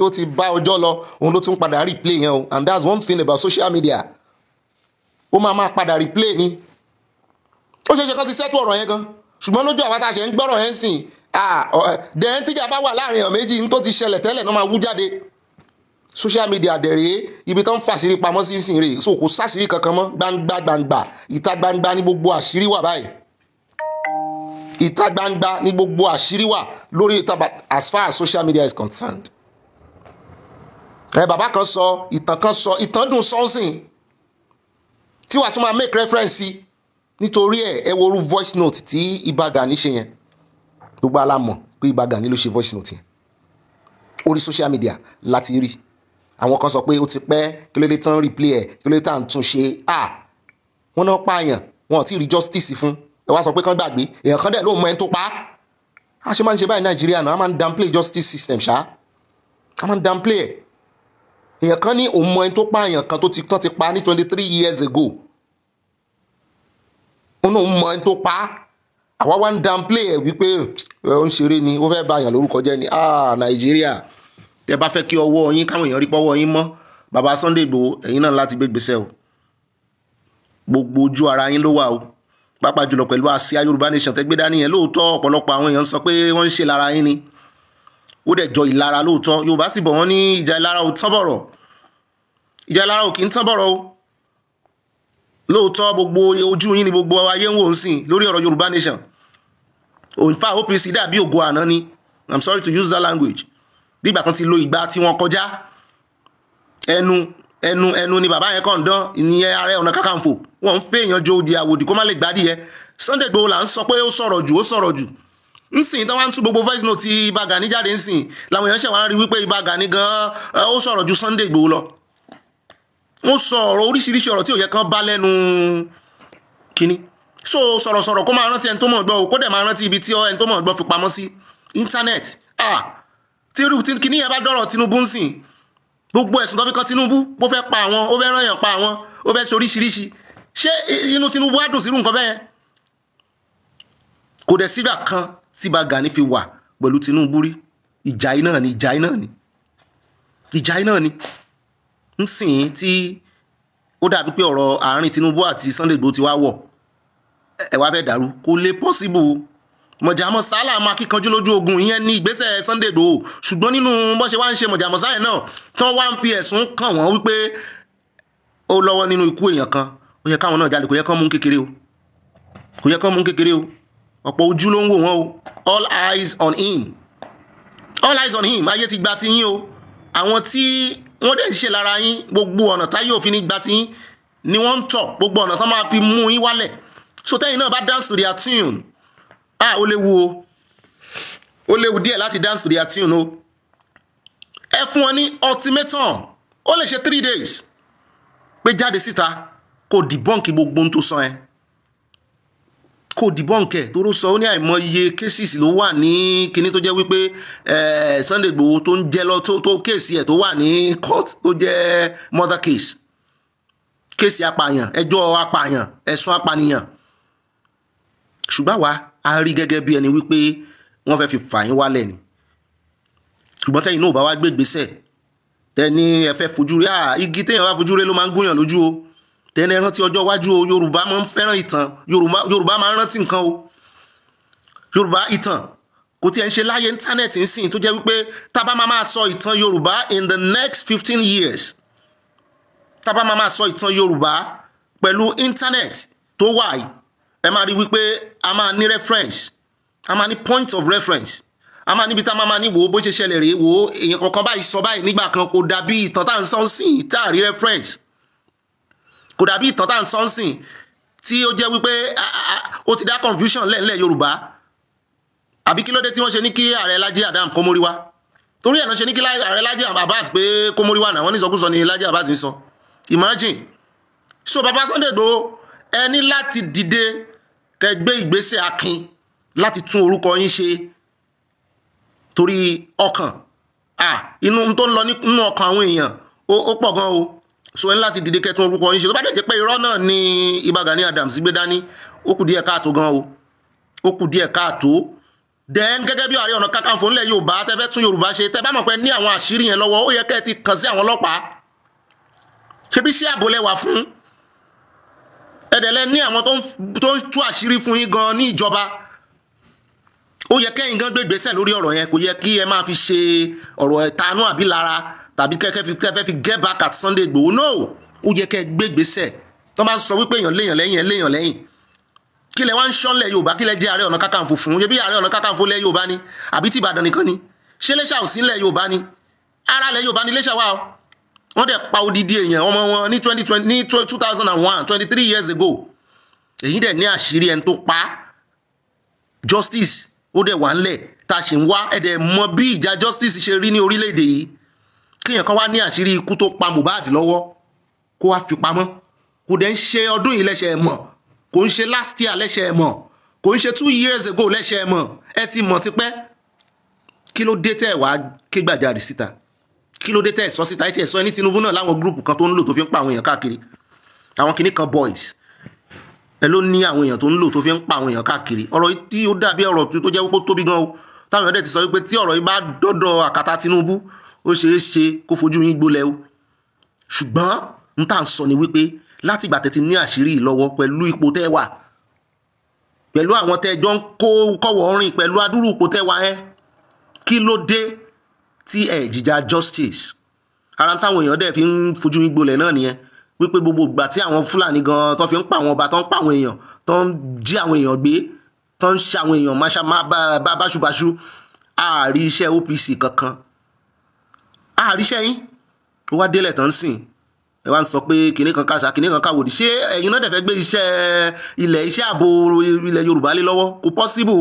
tó ti bá ọjọ́ lọ òun ló tún padà replay yẹn o and that's one thing about social media ó máa máa padà replay ni ó ṣeéṣe kán ti sẹ́tù ọ̀rọ̀ yẹn gan ṣùgbọ́n lójú àwọn àtàṣe ń gbọ́rọ̀ yẹn sìn dẹ̀ẹ́n tíjà bá wà láàrin èèyàn méjì ní tó ti ṣẹlẹ̀ tẹ́lẹ̀ náà máa wú jáde social media dẹ̀rẹ̀ ibi tó ń fàṣírí pamọ́ sí ìsìn rẹ̀ so kò sáṣírí kankan mọ́ gbangba gbangba ìta gbangba ní gbogbo àṣírí wà báyìí ìta gbangba ní gbogbo àṣírí wà lórí ìta as far as social media is concerned ẹ bàbá kan sọ ìtàn kan sọ ìtàn dùn sọ́nsìn tí wàá tún máa make reference sí nítorí ẹ ẹ wo voice note tí Ìbà Gani ṣe yẹn gbogbo alamọ̀ pé Ìbà Gani ló ṣe voice note yẹn orí social media láti rí àwọn kan sọ pé ó ti pẹ́ kí ló dé tán replay ẹ̀ kí ló dé tán tún ṣe à wọ́n náà pààyàn wọn ò tí ì rí justice fún ẹ wá sọ pé kán gbàgbé èèyàn kan dẹ̀ ló mọ ẹni tó pa á a ṣe máa ń ṣe báyìí Nàìjíríà náà a máa ń downplay justice system ṣá a máa ń downplay ẹ̀ èèyàn kan ní òun mọ ẹni tó pààyàn kan tó ti tán ti pa ní twenty three years ago òun náà mọ ẹni tó pa á àwa wá ń downplay ẹ̀ wípé ẹ̀ ń ṣeré ni ó fẹ́ẹ́ bà yàn lórúkọ jẹ́ ni ah nàìjíríà tẹ bá fẹ́ kí ọwọ́ yín káwọn èèyàn rí pọ́wọ́ yín mọ́ bàbá Sunday Igboho ẹ̀yin náà láti gbé gbèsè o gbogbo ojú ara yín ló wà o pàápàá jùlọ pẹ̀lú àsíá Yorùbá Nation tẹ́gbẹ́ dání yẹn lóòótọ́ ọ̀pọ̀lọpọ̀ àwọn èèyàn sọ pé wọ́n ń ṣe lára yín ni ó dẹ̀ jọ ìlara lóòótọ́ Yorùbá sì bọ̀ wọ́n ní ìjà ìlara ò tán bọ̀rọ̀ ìjà ìlara ò kì í tán bọ̀rọ̀ o lóòótọ́ gbogbo ojú yín ni gbogbo ayé ń wò ń sìn lórí ọ̀rọ̀ Yorùbá nation òǹfà OPC dàbí ògo àná ni I'm sorry to use that language bí ìgbà kan ti lo ìgbà tí wọ́n kọjá ẹnu ẹnu ẹnu ni bàbá yẹn kàn dán ìyẹn Ààrẹ Ọ̀nà Kakanfò wọ́n ń fèèyàn jo òdì àwòdì kó má lè gbádìí yẹ Sunday Igboho là ń sọ pé ó sọ̀rọ̀ jù ó sọ̀rọ̀ jù nsìn tán wá ń tú gbogbo voice note ti Ìbà Gani jáde nsìn làwọn èèyàn ṣẹ̀ wá rí wípé Ìbà Gani gan-an ó sọ̀rọ̀ ju Sunday Igboho lọ wọ́n sọ ọ̀rọ̀ oríṣiríṣi ọ̀rọ̀ tí ò yẹ kán bá lẹ́nu kínní so sọ̀rọ̀sọ̀rọ̀ kó máa rántí ẹni tó mọ̀ gbọ́ kó dẹ̀ máa rántí ibi tí ẹni tó mọ̀ gbọ́ fi pamọ́ sí internet ah tí kínní yẹn bá dọ̀rọ̀ Tinubu ń sìn gbogbo ẹ̀sùn tó fi kan Tinubu bó fẹ́ pa àwọn ó fẹ́ ràn yàn pa àwọn ó fẹ́ ṣe oríṣiríṣi ṣé inú Tinubu á dùn sírú nǹkan bẹ́ẹ̀ kò dẹ̀ síbà kan tí bá Gani fi wà pẹ̀lú Tinubu rí ìjà iná ni ìjà iná ni ìjà iná ni ń sìn tí ó dàbí pé ọ̀rọ̀ àárín Tinubu àti Sunday Igboho ti wá wọ̀ ẹ wá fẹ́ dàrú kò lè possible mọ̀jàmọ́ sálà máa kíkanjú lójú ogun ìyẹn ní ìgbésẹ̀ Sunday Igboho ṣùgbọ́n nínú bó ṣe wá ń ṣe mọ̀jàmọ́ sáyẹn náà tán wá ń fi ẹ̀sùn kàn wọ́n wípé ó lọ́wọ́ nínú ikú èèyàn kan ó yẹ káwọn náà jalè kò yẹ kán mú kékeré o kò yẹ kán mú kékeré o ọ̀pọ̀ ojú ló ń wò wọ́n o all eyes on him all eyes on him ayé ti gba ti yín o àwọn tí wọ́n dẹ̀ ń ṣe lára yín gbogbo ọ̀nà táyé òfin ní gba ti yín ni wọ́n ń tọ̀ gbogbo ọ̀nà tán máa fi mú yín wálẹ̀ so tẹ́yìn náà bá dance to their tune ah ó léwu o ó léwu díẹ̀ láti dance to their tune o ẹ fún wọn ní ultimatum ó lè ṣe three days pé jáde síta kó debunk gbogbo ohun tó san ẹ kò dìbọ́ǹkẹ̀ tó ló sọ ó ní àìmọye cases ló wà ní kinní tó jẹ́ wípé eh, Sunday Igboho tó ń jẹ́ lọ tó kéèsì ẹ̀ tó wà ní court tó jẹ́ murder case kéèsì apààyàn ẹjọ́ apààyàn ẹ̀sùn apànìyàn ṣùgbọ́n wa a rí gẹ́gẹ́ bí ẹni wípé wọ́n fẹ́ fi fà yín wálẹ̀ ni ṣùgbọ́n tẹ́yìn náà ò bá wá gbé ìgbésẹ̀ tẹ́ni ẹ fẹ́ fojú rí igi téèyàn bá fojú rí ló máa ń gúnyàn lójú o tẹ́lẹ̀ rántí ọjọ́ iwájú o yorùbá máa ń fẹ́ràn ìtàn yorùbá máa ń rántí nǹkan o yorùbá ìtàn kò tiẹ̀ ń ṣe láyé íńtánẹ́ẹ̀tì ń sìn tó jẹ́ wípé tábà máa máa sọ ìtàn yorùbá in the next fifteen years tábà máa máa sọ ìtàn yorùbá pẹ̀lú íńtánẹ́ẹ̀tì tó wà yìí ẹ máa rí wípé a máa ní reference a máa ní point of reference a máa níbi tá a máa ní wò ó bó ṣe ṣẹlẹ̀ rèé wò ó èèyàn kankan báyìí sọ báyìí nígbà kan kò dàbí ìtàn tá à ń sọ sí tá à rí reference kò dàbí ìtàn tá à ń sọ́nsìn tí ó jẹ́ wípé ó ti dá confusion lẹ́ẹ̀lẹ́ Yorùbá àbí kí ló dé tí wọ́n ṣe ní kí ààrẹ Laji Adam kó mórí wá torí ẹ̀ náà ṣe ní kí ààrẹ Laji Abbas pé kó mórí wá náà wọ́n ní ìsọkúsọ ni Laji Abbas ń sọ imagine so baba Sunday do ẹ ní láti dìde kẹ́ gbé ìgbésẹ̀ akin láti tún orúkọ yín ṣe torí ọkàn ah inú tó ń lọ nínú ọkàn àwọn èèyàn ó pọ̀ gan o so ẹ ní láti dìde kẹtùn orúkọ yín ṣe tó bá dẹ̀ pé irọ́ náà ni Ìbà Gani Adams gbé dání ó kù díẹ̀ káàtó gan o ó kù díẹ̀ káàtó then gẹ́gẹ́ bí Ààrẹ Ọ̀nà Kakanfò ńlẹ̀ Yorùbá tẹ́ fẹ́ tún Yorùbá ṣe tẹ́ bá mọ̀ pé ní àwọn àṣírí yẹn lọ́wọ́ ó yẹ kẹ́ ẹ ti kàn sí àwọn ọlọ́pàá ṣebí ṣé ààbò lẹ fún ẹ̀dẹ̀lẹ̀ ní àwọn tó ń tú àṣírí fún yín gan ní ìjọba ó yẹ kẹ́yìn gan gbé ìgbésẹ̀ lórí ọ̀rọ̀ yẹn kò yẹ kí ẹ máa fi ṣe ọ̀rọ̀ ẹ̀tanú àbí lára tàbí kẹ́fẹ́ fi get back at Sunday Igboho no ó yẹ kẹ́ gbégbèsè tó bá ń sọ wípé èèyàn léèyàn lẹ́yìn ẹ̀ léèyàn lẹ́yìn kí lẹ wá ń ṣọ́nlẹ̀ Yorùbá kí lẹ jẹ́ Ààrẹ Ọ̀nà Kakanfò fún ṣe bí Ààrẹ Ọ̀nà Kakanfò lẹ Yorùbá ni àbí tí Ìbàdàn nìkan ni ṣé Iléṣà ò sí lẹ Yorùbá ni ara lẹ Yorùbá ni Iléṣà wà o wọ́n dẹ̀ pa odidi èèyàn ọmọ wọn ní twenty twenty ní two thousand and one twenty three years ago èyí dẹ̀ ní àṣírí ẹni tó pa justice ó dẹ̀ wà ńlẹ̀ tá a ṣì ń wá ẹ̀dẹ̀ mọ bí ìjà justice ṣe rí ní orílẹ̀-èdè yìí kíyàn kan wá ní àṣírí ikú tó pa Mohbad lọ́wọ́ kó wá fi pamọ́ kò dẹ̀ ń ṣe ọdún yìí lẹ́sẹ̀ mọ̀ kò ń ṣe last year lẹ́sẹ̀ mọ̀ kò ń ṣe two years ago lẹ́sẹ̀ mọ̀ ẹ ti mọ̀ tipẹ́ kí ló dé tẹ̀ wá kégbàjarè síta kí ló dé tẹ̀ sọ síta ẹ ti ẹ̀ sọ ẹni Tinubu náà láwọn gúrùpù kan tó ń lò tó fi ń pa àwọn èèyàn káàkiri àwọn kìnnì kan boys ẹ ló ní àwọn èèyàn tó ń lò tó fi ń pa àwọn èèyàn káàkiri ọ̀rọ̀ tí ó dàbí ọ̀rọ̀ tó jẹ́ pé tóbi gan o táwọn èèyàn ti sọ wípé tí ọ̀rọ̀ yìí bá dọ́dọ̀ àkàtà Tinubu ó ṣeé ṣe kó fojú yín gbolẹ̀ o ṣùgbọ́n n tá à ń sọ ni wípé láti ìgbà tẹ́tí ní àṣírí ìlọ́wọ́ pẹ̀lú ipò tẹ́ wà pẹ̀lú àwọn tẹ́ jọ ń kó kọ́wọ́ rìn pẹ̀lú adúrú ipò tẹ́ wà ẹ́ kí ló dé tí ẹ̀ jìjà justice ara táwọn èèyàn dẹ̀ fi ń fojú yín gbolẹ̀ náà nìyẹn wípé gbogbo ìgbà tí àwọn fúlàní gan tó fi ń pa àwọn ọba tó ń pa àwọn èèyàn tó ń jí àwọn èèyàn gbé tó ń ṣe àwọn èèyàn máṣá má bá báṣubàṣu àárí iṣẹ́ OPC kankan àríṣẹ́ ah, yín ó wá délẹ̀ tán sìn ẹ wá ń sọ pé kìnìún kan kàṣà kìnìún kan kàwòdì ṣé ẹ̀yin náà dẹ̀ gbé iṣẹ́ ilẹ̀ iṣẹ́ ààbò ilẹ̀ Yorùbá lé lọ́wọ́ kò pọ́síbù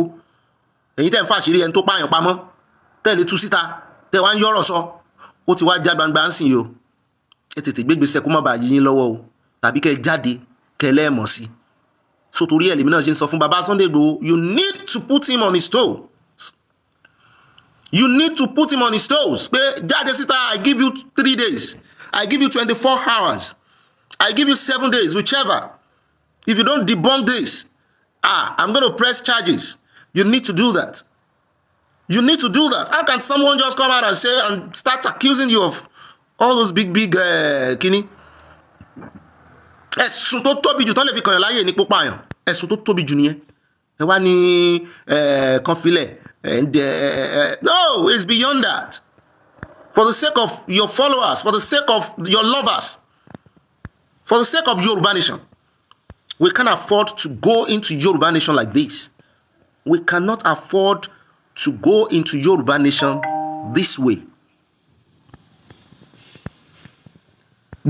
ẹ̀yin tẹ̀ ń fàṣírí ẹni tó pààyàn pamọ́ tẹ̀lé tú síta tẹ̀ wá ń yọ̀rọ̀ sọ ó ti wá já gbangba ń sìn yìí o ẹ tètè gbégbèsè kó má bàa yí lọ́wọ́ o tàbí kẹ́ jáde kẹ́ lẹ́ẹ̀mọ̀ sí i so torí náà ṣe ń sọ fún baba Sunday Igboho you need to put him on his toe you need to put him on his toes pé jáde síta i give you three days i give you twenty-four hours i give you seven days whichever if you don't debunk this ah i'm gonna press charges you need to do that you need to do that how can someone just come out and say and start accusing you of all those big big uh, kini ẹ̀sùn tó tóbi jù tán lè fi kàn yàn láyè ní pópa yàn ẹ̀sùn tó tóbi jù nìyẹn ẹ wá ní eh, kàn filẹ̀ And uh, uh, uh, no, it's beyond that. For the sake of your followers, for the sake of your lovers, for the sake of your Nation, we can't afford to go into your Nation like this. We cannot afford to go into your Nation this way.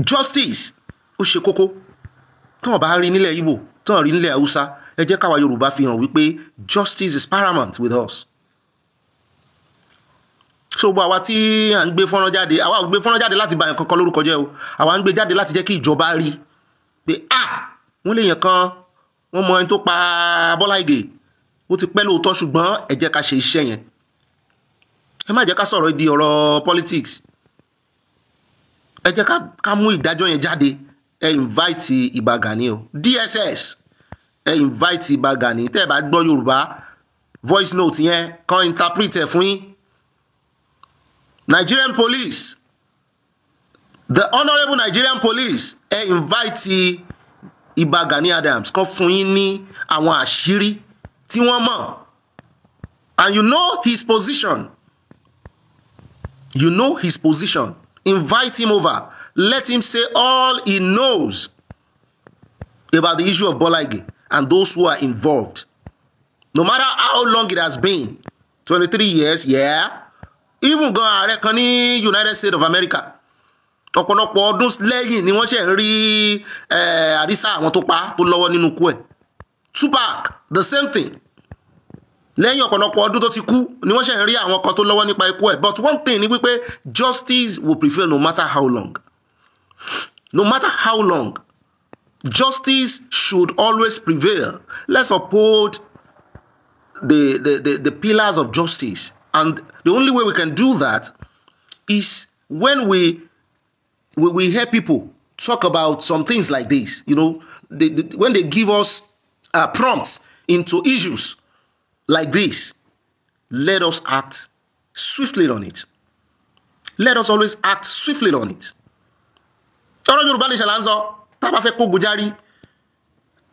Justice ó come kókó tí wọn ibu, rí nílẹ̀ Igbo tí wọn rí nílẹ̀ Haúsá ẹ jẹ́ justice is paramount with us so gbogbo àwa tí à ń gbé fọ́nrán jáde àwa ò gbé fọ́nrán jáde láti bà nǹkan kan lórúkọ jẹ́ o àwa ń gbé jáde láti jẹ́ kí ìjọba rí i pé ah wọ́n lè yàn kan wọ́n mọ ẹni tó pa Bọ́lá Ìgè ó ti pẹ́ lóòótọ́ ṣùgbọ́n ẹ jẹ́ ká ṣe iṣẹ́ yẹn ẹ má jẹ́ ká sọ̀rọ̀ di ọ̀rọ̀ politics ẹ jẹ́ ká mú ìdájọ́ yẹn jáde ẹ invite Ìbà Gani o DSS ẹ invite Ìbà Gani tẹ́ ẹ bá gbọ́ Yorùbá voice note yẹn kan interpret ẹ̀ fún yín Nigerian police the honourable Nigerian police ẹ invite Ìbà Gani Adams kó fún yín ní àwọn àṣírí tí wọ́n mọ̀ and you know his position you know his position invite him over let him say all he knows about the issue of Bola and those who are involved no matter how long it has been 23 years yeah even gan ààrẹ kan ní United States of America ọ̀pọ̀lọpọ̀ ọdún lẹ́yìn ni wọ́n ṣe ń rí àrísà àwọn tó pa tó lọ́wọ́ nínú ikú ẹ̀ Tupac the same thing lẹ́yìn ọ̀pọ̀lọpọ̀ ọdún tó ti kú ni wọ́n ṣe ń rí àwọn kan tó lọ́wọ́ nípa ikú ẹ̀ but one thing ni wípé justice will prevail no matter how long no matter how long justice should always prevail let's uphold the the the, the pillars of justice And the only way we can do that is when we we, we hear people talk about some things like this. You know, they, they, when they give us uh, prompts into issues like this, let us act swiftly on it. Let us always act swiftly on it. ọ̀rọ̀ Yorùbá lè ṣàlàyé sọ tá a bá fẹ́ kó gbòjárí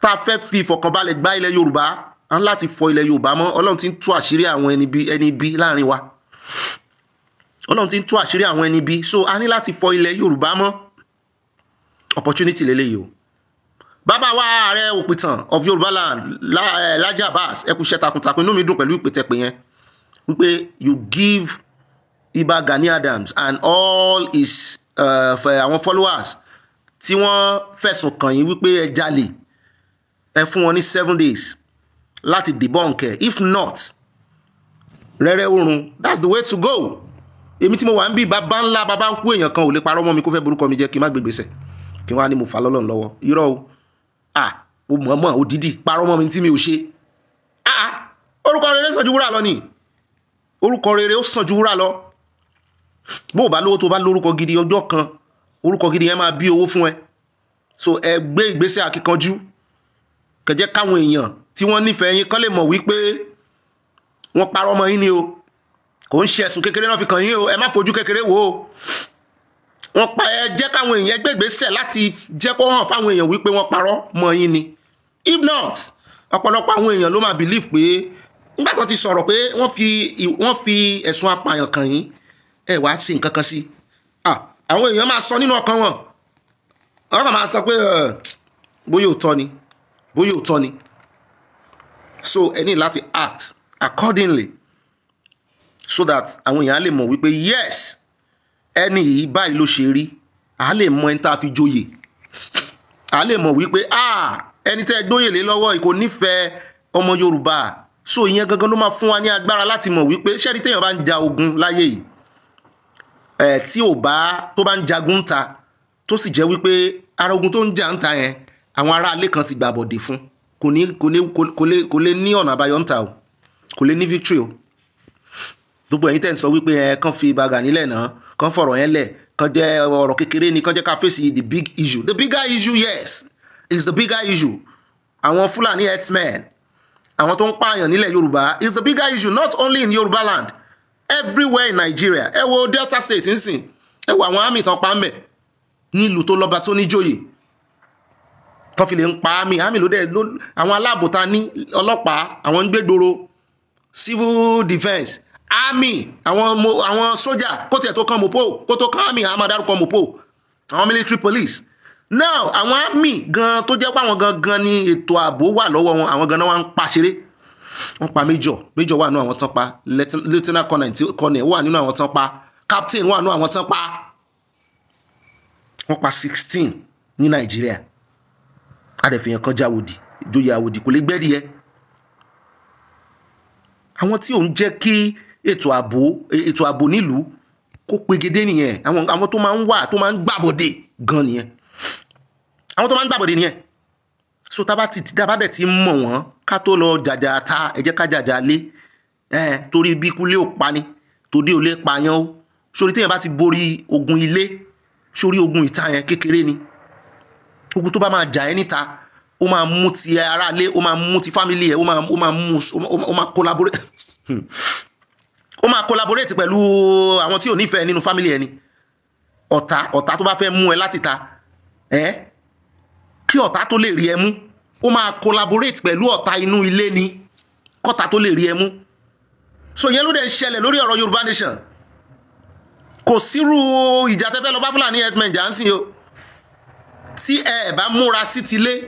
tá a fẹ́ fi ìfọ̀kànbalẹ̀ gbá ilẹ̀ Yorùbá á ń láti fọ ilẹ̀ yorùbá mọ́ ọlọ́run ti ń tú àṣírí àwọn ẹni bí ẹni bí láàrin wa ọlọ́run ti ń tú àṣírí àwọn ẹni bí so a ní láti fọ ilẹ̀ yorùbá mọ́ opportunity lélẹ́yìí o bàbá wa ààrẹ òpìtàn of yorùbá land eh, Laji Abbas ẹ kú iṣẹ́ takuntakun inú mi dùn pẹ̀lú ìpètẹ́pẹ́ yẹn wípé you give Iba Gani Adams and all his eh, eh, àwọn uh, followers tí wọ́n fẹ̀sùn kàn yín wípé ẹ jalè ẹ fún wọn ní seven days láti debunk ẹ̀ if not rẹ́rẹ́ oorun that's the way to go èmi tí mo wà ń bí bàbá ńlá bàbá ń kú èèyàn kan ò lè parọ́ mọ́ mi kó fẹ́ borúkọ mi jẹ́ kí n má gbé gbèsè kí wọ́n á ní mo fà lọ́lọ́run lọ́wọ́ irọ́ o à o mọ̀ọ́mọ̀ o dídì parọ́ mọ́ mi tí mi ò ṣe à orúkọ rere sàn ju wúrà lọ ni orúkọ rere ó sàn ju wúrà lọ bó o bá lówó tó o bá lórúkọ gidi ọjọ́ kan orúkọ gidi yẹn máa bí owó fún ẹ so ẹ gbé ìgbésẹ̀ akíkanjú kẹjẹ káwọn èèyàn tí wọ́n nífẹ̀ẹ́ yín kán lè mọ̀ wípé wọ́n parọ́ mọ́ yín ni o kò ń ṣe ẹ̀sùn kékeré náà fi kàn yín o ẹ má fojú kékeré wò ó wọ́n pa ẹ jẹ́ káwọn èèyàn gbégbèsẹ̀ láti jẹ́ kó hàn fáwọn èèyàn wípé wọ́n parọ́ mọ́ yín ni if not ọ̀pọ̀lọpọ̀ àwọn èèyàn ló máa believe pé nígbà tó ti sọ̀rọ̀ pé wọ́n fi wọ́n fi ẹ̀sùn apààyàn kàn yín ẹ wàá ṣe nǹkan kan sí àwọn èèyàn máa sọ nínú ọkàn wọn wọ́n kàn máa sọ pé bóyá òótọ́ ni bóyá òótọ́ ni so ẹ ní láti act accordingly so that àwọn èèyàn á lè mọ̀ wípé yes ẹni yìí báyìí ló ṣe rí a lè mọ ẹni tá a fi joyè a lè mọ̀ wípé ah ẹni tẹ́ ẹ gbóyè lé lọ́wọ́ ìkò nífẹ̀ẹ́ ọmọ Yorùbá so ìyẹn gangan ló máa fún wa ní agbára láti mọ̀ wípé ṣẹ́ni téèyàn bá ń ja ogun láyé yìí ẹ̀ tí ò bá tó bá ń jagun ta tó sì jẹ́ wípé ara ogun tó ń jà ń ta yẹn àwọn aráalé kan ti gbàbọ̀dé fún un kò ní kò ní kò lè kò ní ọ̀nà àbáyọ ń ta o kò lè ní victory o gbogbo ẹ̀yin tẹ̀ ń sọ wípé ẹ kàn fi ibà gà nílẹ̀ náà kàn fọ̀rọ̀ yẹn lẹ̀ kàn jẹ́ ọ̀rọ̀ kékeré ni kàn jẹ́ ká fèsì the big issue the bigger issue yes is the bigger issue àwọn Fúlàní herdsmen àwọn tó ń pààyàn nílẹ̀ Yorùbá is the bigger issue not only in Yorùbá land everywhere in Nigeria ẹ wo Delta State nsìn ẹ wo àwọn army tán pa ń bẹ̀ nílùú tó lọ́ba tó níjòyè tó fi lè ń pa ámì ámì ló dẹ̀ àwọn aláàbò ní ọlọ́pàá àwọn ń gbégboro civil defence ámì àwọn sójà kó tiẹ̀ tó kan mopo kó tó kan ámì àmà dárúkọ mopo àwọn military police now àwọn ámì gan tó jẹ́ pé àwọn gangan ni ètò ààbò wà lọ́wọ́ wọn àwọn gan náà ń pa ṣeré pa méjọ méjọ wà nínú àwọn tán pa lieutenant colonel wà nínú àwọn tán pa captain wà nínú àwọn tán pa wọ́n pa sixteen ní nàìjíríà àdẹ̀fìyàn kan jáwòdì ìjòyè àwòdì kò lè gbẹ́dì ẹ. àwọn tí òun jẹ́ kí ètò ààbò ètò ààbò nílùú kó pegedé nìyẹn àwọn àwọn tó máa ń wà tó máa ń gbàbọ̀dé gan nìyẹn àwọn tó máa ń gbàbọ̀dé nìyẹn so tá a bá ti tá a bá dẹ̀ ti mọ̀ wọ́n ká tó lọ jàjà ta ẹ ká jàjà lé ẹ torí bí ikú lé ò pa ni tòde ò lè pààyàn o sórí téèyàn bá ti borí ogun ilé sórí ogun ìta yẹn kékeré ni gbogbo tó bá máa jà ẹ́ níta ó máa mú ti aráalé ó máa mú ti fámìlì ẹ̀ ó máa ó máa mú ó máa collaborate hmm, ó máa collaborate pẹ̀lú àwọn tí ò nífẹ̀ẹ́ nínú fámìlì ẹ̀ ni ọ̀tá ọ̀tá tó bá fẹ́ mú ẹ láti ta ẹ́ kí ọ̀tá tó lè rí ẹ mú ó máa collaborate pẹ̀lú ọ̀tá inú ilé ni kọ́ta tó lè rí ẹ mú so ìyẹn ló dẹ̀ ń ṣẹlẹ̀ lórí ọ̀rọ̀ Yorùbá Nation kò sírú ìjà tẹ́fẹ́ lọ bá Fúlàní herdsmen jà o tí ẹ bá múra sí tilé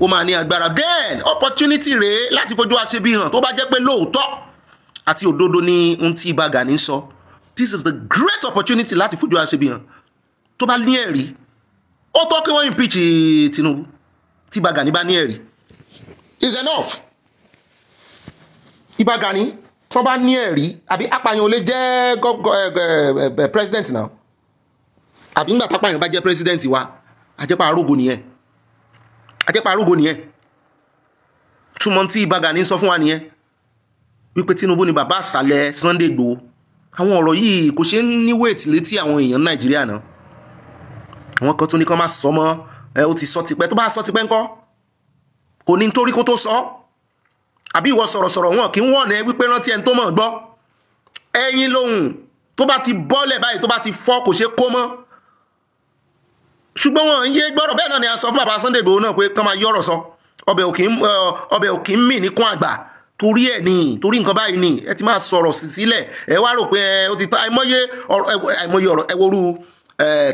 ó máa ní agbára then opportunity rèé láti fojú aṣebi hàn tó bá jẹ́ pé lóòótọ́ àti òdodo ni ohun tí Ìbà Gani sọ this is the great opportunity láti fojú aṣebi hàn tó bá ní ẹ̀rí ó tọ́ kí wọ́n impeach Tinubu tí Ìbà Gani bá ní ẹ̀rí is enough Ìbà Gani tó bá ní ẹ̀rí àbí apààyàn ò lè jẹ́ eh, eh, eh, president náà àbí ńgbà tápààyàn bá jẹ́ president wa àjẹpà arógo nìyẹn àjẹpà arógo nìyẹn túmọ̀ tí Ìbà Gani sọ fún wa nìyẹn wípé Tinubu ni bàbá àṣàlẹ̀ Sunday Igboho àwọn ọ̀rọ̀ yìí kò ṣe ń ní wéètì létí àwọn èèyàn Nàìjíríà náà àwọn kan tó ní kán má sọ mọ́ ẹ ó ti sọ tipẹ́ tó bá sọ tipẹ́ ńkọ́ kò ní nítorí kó tó sọ àbí ìwọ sọ̀rọ̀sọ̀rọ̀ wọn kì í wọ̀n wípé rántí ẹni tó mọ̀ gbọ́ ẹyin lòun tó bá ti bọ́lẹ̀ báyìí tó bá ti fọ́ kò ṣe kó mọ́ ṣùgbọ́n wọn yé gbọ́rọ̀ bẹ́ẹ̀ náà ni a sọ fún bàbá Sunday Igboho náà pé kán máa yọ̀rọ̀ sọ ọbẹ̀ òkè ń mì ní kún àgbà torí ẹ̀ ní torí nǹkan báyìí ní ẹ ti máa sọ̀rọ̀ sí sílẹ̀ ẹ wá rò pé ẹ ó ti ta àìmọye àìmọye ọ̀rọ̀ ẹ worú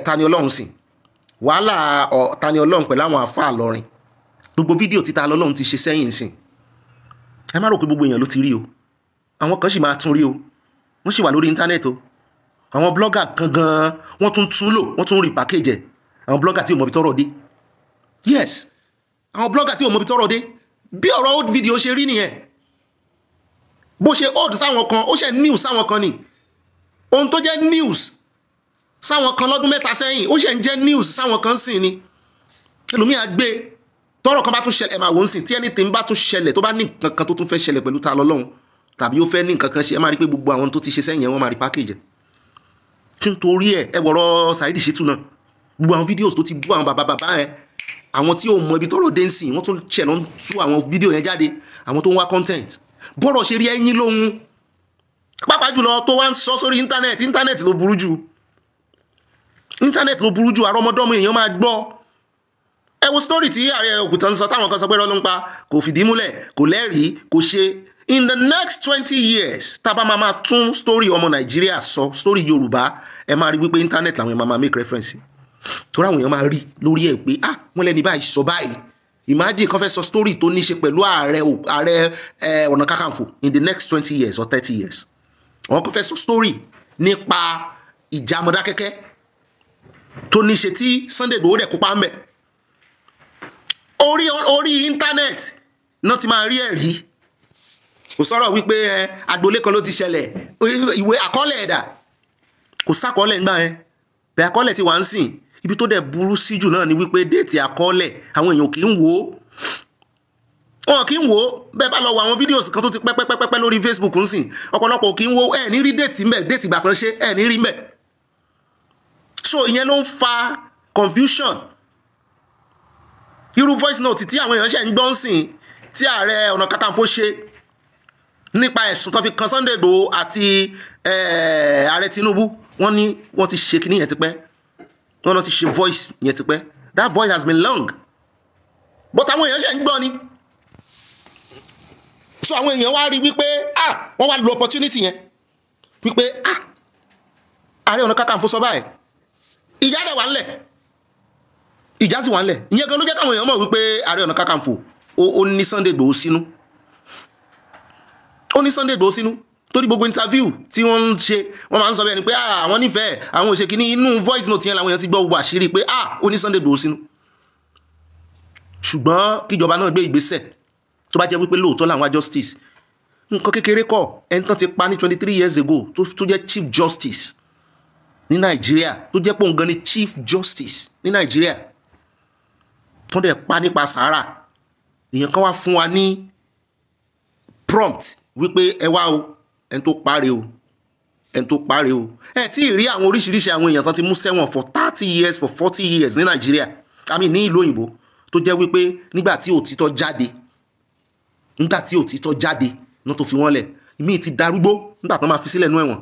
Tani Olohun sìn wàhálà Tani Olohun pẹ̀lú àwọn àfáà lọ́rin gbogbo fídíò títa lọ́lọ́run ti ṣe sẹ́yìn sìn ẹ má rò pé gbogbo èèyàn ló ti rí o àwọn kan sì máa tún rí o wọ́n sì wà lórí íńtánẹ́ẹ̀tì o àwọn blọ́gà gangan wọ́n tún tún lò wọ́n tún rí pàkéjì àwọn blogger tí ò mọbi tọ́rọ̀ dé yes àwọn blogger tí ò mọbi tọ́rọ̀ dé bí ọ̀rọ̀ old video ṣe rí nìyẹn bó ṣe old sáwọn kan ó ṣe news sáwọn kan ni ohun tó jẹ́ news sáwọn kan lọ́dún mẹ́ta sẹ́yìn ó ṣe ń jẹ́ news sáwọn kan sìn ni ẹlòmíà gbé tọ́rọ̀ kan bá tún ṣẹlẹ̀ ẹ máa wò ó sìn tí anything bá tún ṣẹlẹ̀ tó bá ní nǹkan kan tó tún fẹ́ ṣẹlẹ̀ pẹ̀lú ta lọ́lọ́run tàbí ó fẹ́ ní nǹkan kan ṣe ẹ máa rí pé gbogbo àwọn tó ti ṣe sẹ́yìn ẹ wọ́n máa rí package ẹ̀ tí nítorí ẹ̀ ẹ wọ̀rọ̀ Saheed Shittu gbogbo àwọn fídíò tó ti bú àwọn bàbá bàbá yẹn àwọn tí ò mọ ibi tọ́rọ̀ dé ń sìn wọ́n tún ṣẹ̀ lọ́n tú àwọn fídíò yẹn jáde àwọn tó ń wá content bọ́rọ̀ ṣe rí ẹyin lóhun pàápàá jùlọ tó wá ń sọ sórí íńtánẹ́ẹ̀tì íńtánẹ́ẹ̀tì ló burú jù íńtánẹ́ẹ̀tì ló burú jù àrọ́mọdọ́mọ èèyàn máa gbọ́ ẹ wo sítórì tí ààrẹ òkúta ń sọ táwọn kan sọ pé rọlọ́npa kò fìdí múlẹ̀ kò lẹ́rìí kò ṣe in the next twenty years tábà máa máa tún sítórì ọmọ nàìjíríà sọ sítórì yorùbá ẹ máa rí wípé íńtánẹ́ẹ̀tì làwọn ẹ̀ máa máa make reference torí àwọn èèyàn máa rí lórí ẹ̀ pé ah wọ́n lẹ́ni báyìí sọ báyìí imagine kan fẹ́ sọ story tó ní ṣe pẹ̀lú ààrẹ ààrẹ ọ̀nà kákàǹfò in the next twenty years or thirty years wọ́n kan fẹ́ sọ story nípa ìjà Mọdákẹ́kẹ́ tó ní ṣe tí Sunday Igboho dẹ̀ kópa ń bẹ̀ orí orí internet náà ti máa rí ẹ̀rí kò sọ̀rọ̀ wípé ẹ agboolé kan ló ti ṣẹlẹ̀ ìwé àkọọ́lẹ̀ ẹ̀dà kò sákọọ́lẹ̀ ńgbà yẹn bẹ́ẹ̀ àkọọ́lẹ̀ ti wà ń sìn ibi tó dẹ̀ burú sí jù náà ni wípé déètì àkọọ́lẹ̀ àwọn èèyàn kì í wò ó wọn kì í wò ó bẹ́ẹ̀ bá lọ wo àwọn fídíòsì kan tó ti pẹ́pẹ́pẹ́pẹ́ lórí Facebook ń sìn ọ̀pọ̀lọpọ̀ kì í wo ẹ̀ ní rí déètì mbẹ̀ déètì ìgbà kan ṣe ẹ̀ ní rí mbẹ̀ so ìyẹn ló ń fa confusion irú voice note tí àwọn èèyàn ṣe ń gbọ́ ń sìn tí ààrẹ ọ̀nà kakanfò ṣe nípa ẹ̀sùn tó fi kan Sunday Igboho àti eh, ààrẹ Tinubu wọ́n ní wọ́n ti ṣe kínní yẹn tipẹ́ tí wọ́n ti ṣe voice yẹn ti pẹ́ that voice has been long but àwọn èèyàn ṣe ń gbọ́ ni so àwọn èèyàn wá rí wípé ah wọ́n wá lo opportunity yẹn wípé ah Ààrẹ Ọ̀nà Kakanfò sọ báyìí ìjà dẹ̀ wà ńlẹ̀ ìjà sì wà ńlẹ̀ ìyẹn gan ló jẹ́ káwọn èèyàn mọ̀ wípé Ààrẹ Ọ̀nà Kakanfò ó ní Sunday Igboho sínú ó ní Sunday Igboho sínú torí gbogbo interview tí wọ́n ń ṣe wọ́n máa ń sọ bẹ́ẹ̀ ni pé ah, àwọn nífẹ̀ẹ́ àwọn òṣèkí ní inú voice note yẹn làwọn èèyàn ti gbọ́ gbogbo àṣírí pé ó ní Sunday Igboho sínú ṣùgbọ́n kíjọba náà gbé ìgbésẹ̀ tó bá jẹ́ wípé lóòótọ́ làwọn wá justice nǹkan kékeré kọ́ ẹni tán ti pa ní twenty three years ago tó jẹ́ chief justice ní nàìjíríà tó jẹ́ pòun gan ni chief justice ní nàìjíríà tó dẹ̀ pa nípa sàárà èèyàn kan wá fún wa ní prompt wípé ẹ wá o ẹni tó parí o ẹni tó parí o ẹ tí ì rí àwọn oríṣiríṣi àwọn èèyàn tán ti mú sẹ́wọ̀n for thirty years for forty years ní nàìjíríà i mean ní ìlú òyìnbó tó jẹ́ wípé nígbà tí òtítọ́ jáde nígbà tí òtítọ́ jáde ní tó fi wọ́n lẹ̀ ìmí ti darúgbó nígbà tó máa fi sílẹ̀ nú ẹ̀wọ̀n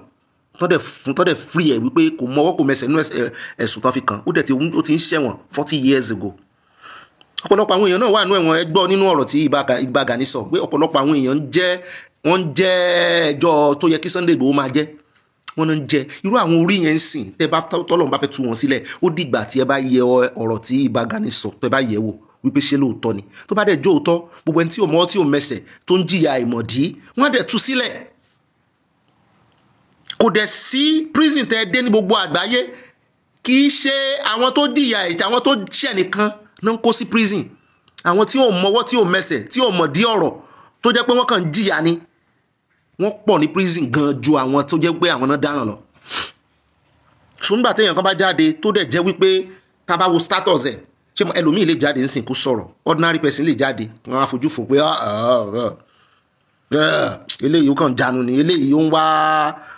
tọ́dẹ̀ fún tọ́dẹ̀ free ẹ̀ wípé kò mọwọ́ kò mẹsẹ̀ nú ẹ̀sùn tán fi kàn ó dẹ̀ ti ń ṣẹ̀wọ̀n forty years ago ọ̀pọ̀lọpọ̀ àwọn èèyàn náà wà nínú ẹ̀wọ̀n ẹgbọ́ nínú ọ̀rọ̀ tí Ìbà Gani sọ pé ọ̀pọ̀lọpọ̀ àwọn èèyàn ń jẹ́ wọ́n ń jẹ́ ẹjọ́ tó yẹ kí Sunday Igboho máa jẹ́ wọ́n ń jẹ́ irú àwọn orí yẹn ń sìn tẹ́ bá tọ́lọ́run bá fẹ́ tú wọn sílẹ̀ ó dìgbà tí ẹ bá yẹ ọ̀rọ̀ tí Ìbà Gani sọ tẹ́ bá yẹ wò wípé ṣé lóòótọ́ ni tó bá dẹ̀ jó òótọ́ gbogbo ẹni tí náà ń kó sí prison àwọn tí ò mọwọ́ tí ò mẹsẹ̀ tí ò mọ̀dí ọ̀rọ̀ tó jẹ́ pé wọ́n kàn ń jìyà ni wọ́n pọ̀ ní prison gan ju àwọn tó jẹ́ pé àwọn náà dáràn lọ. sùnúgbà téèyàn kan bá jáde tó dẹ̀ jẹ́ wípé tá a bá wo status ẹ̀ ṣé ẹlòmíì lè jáde nsìn kó sọ̀rọ̀ ordinary person lè jáde wọ́n á fojú fò pé ah, ah, ah, eléyìí ó kàn jánu ni eléyìí ó ń wá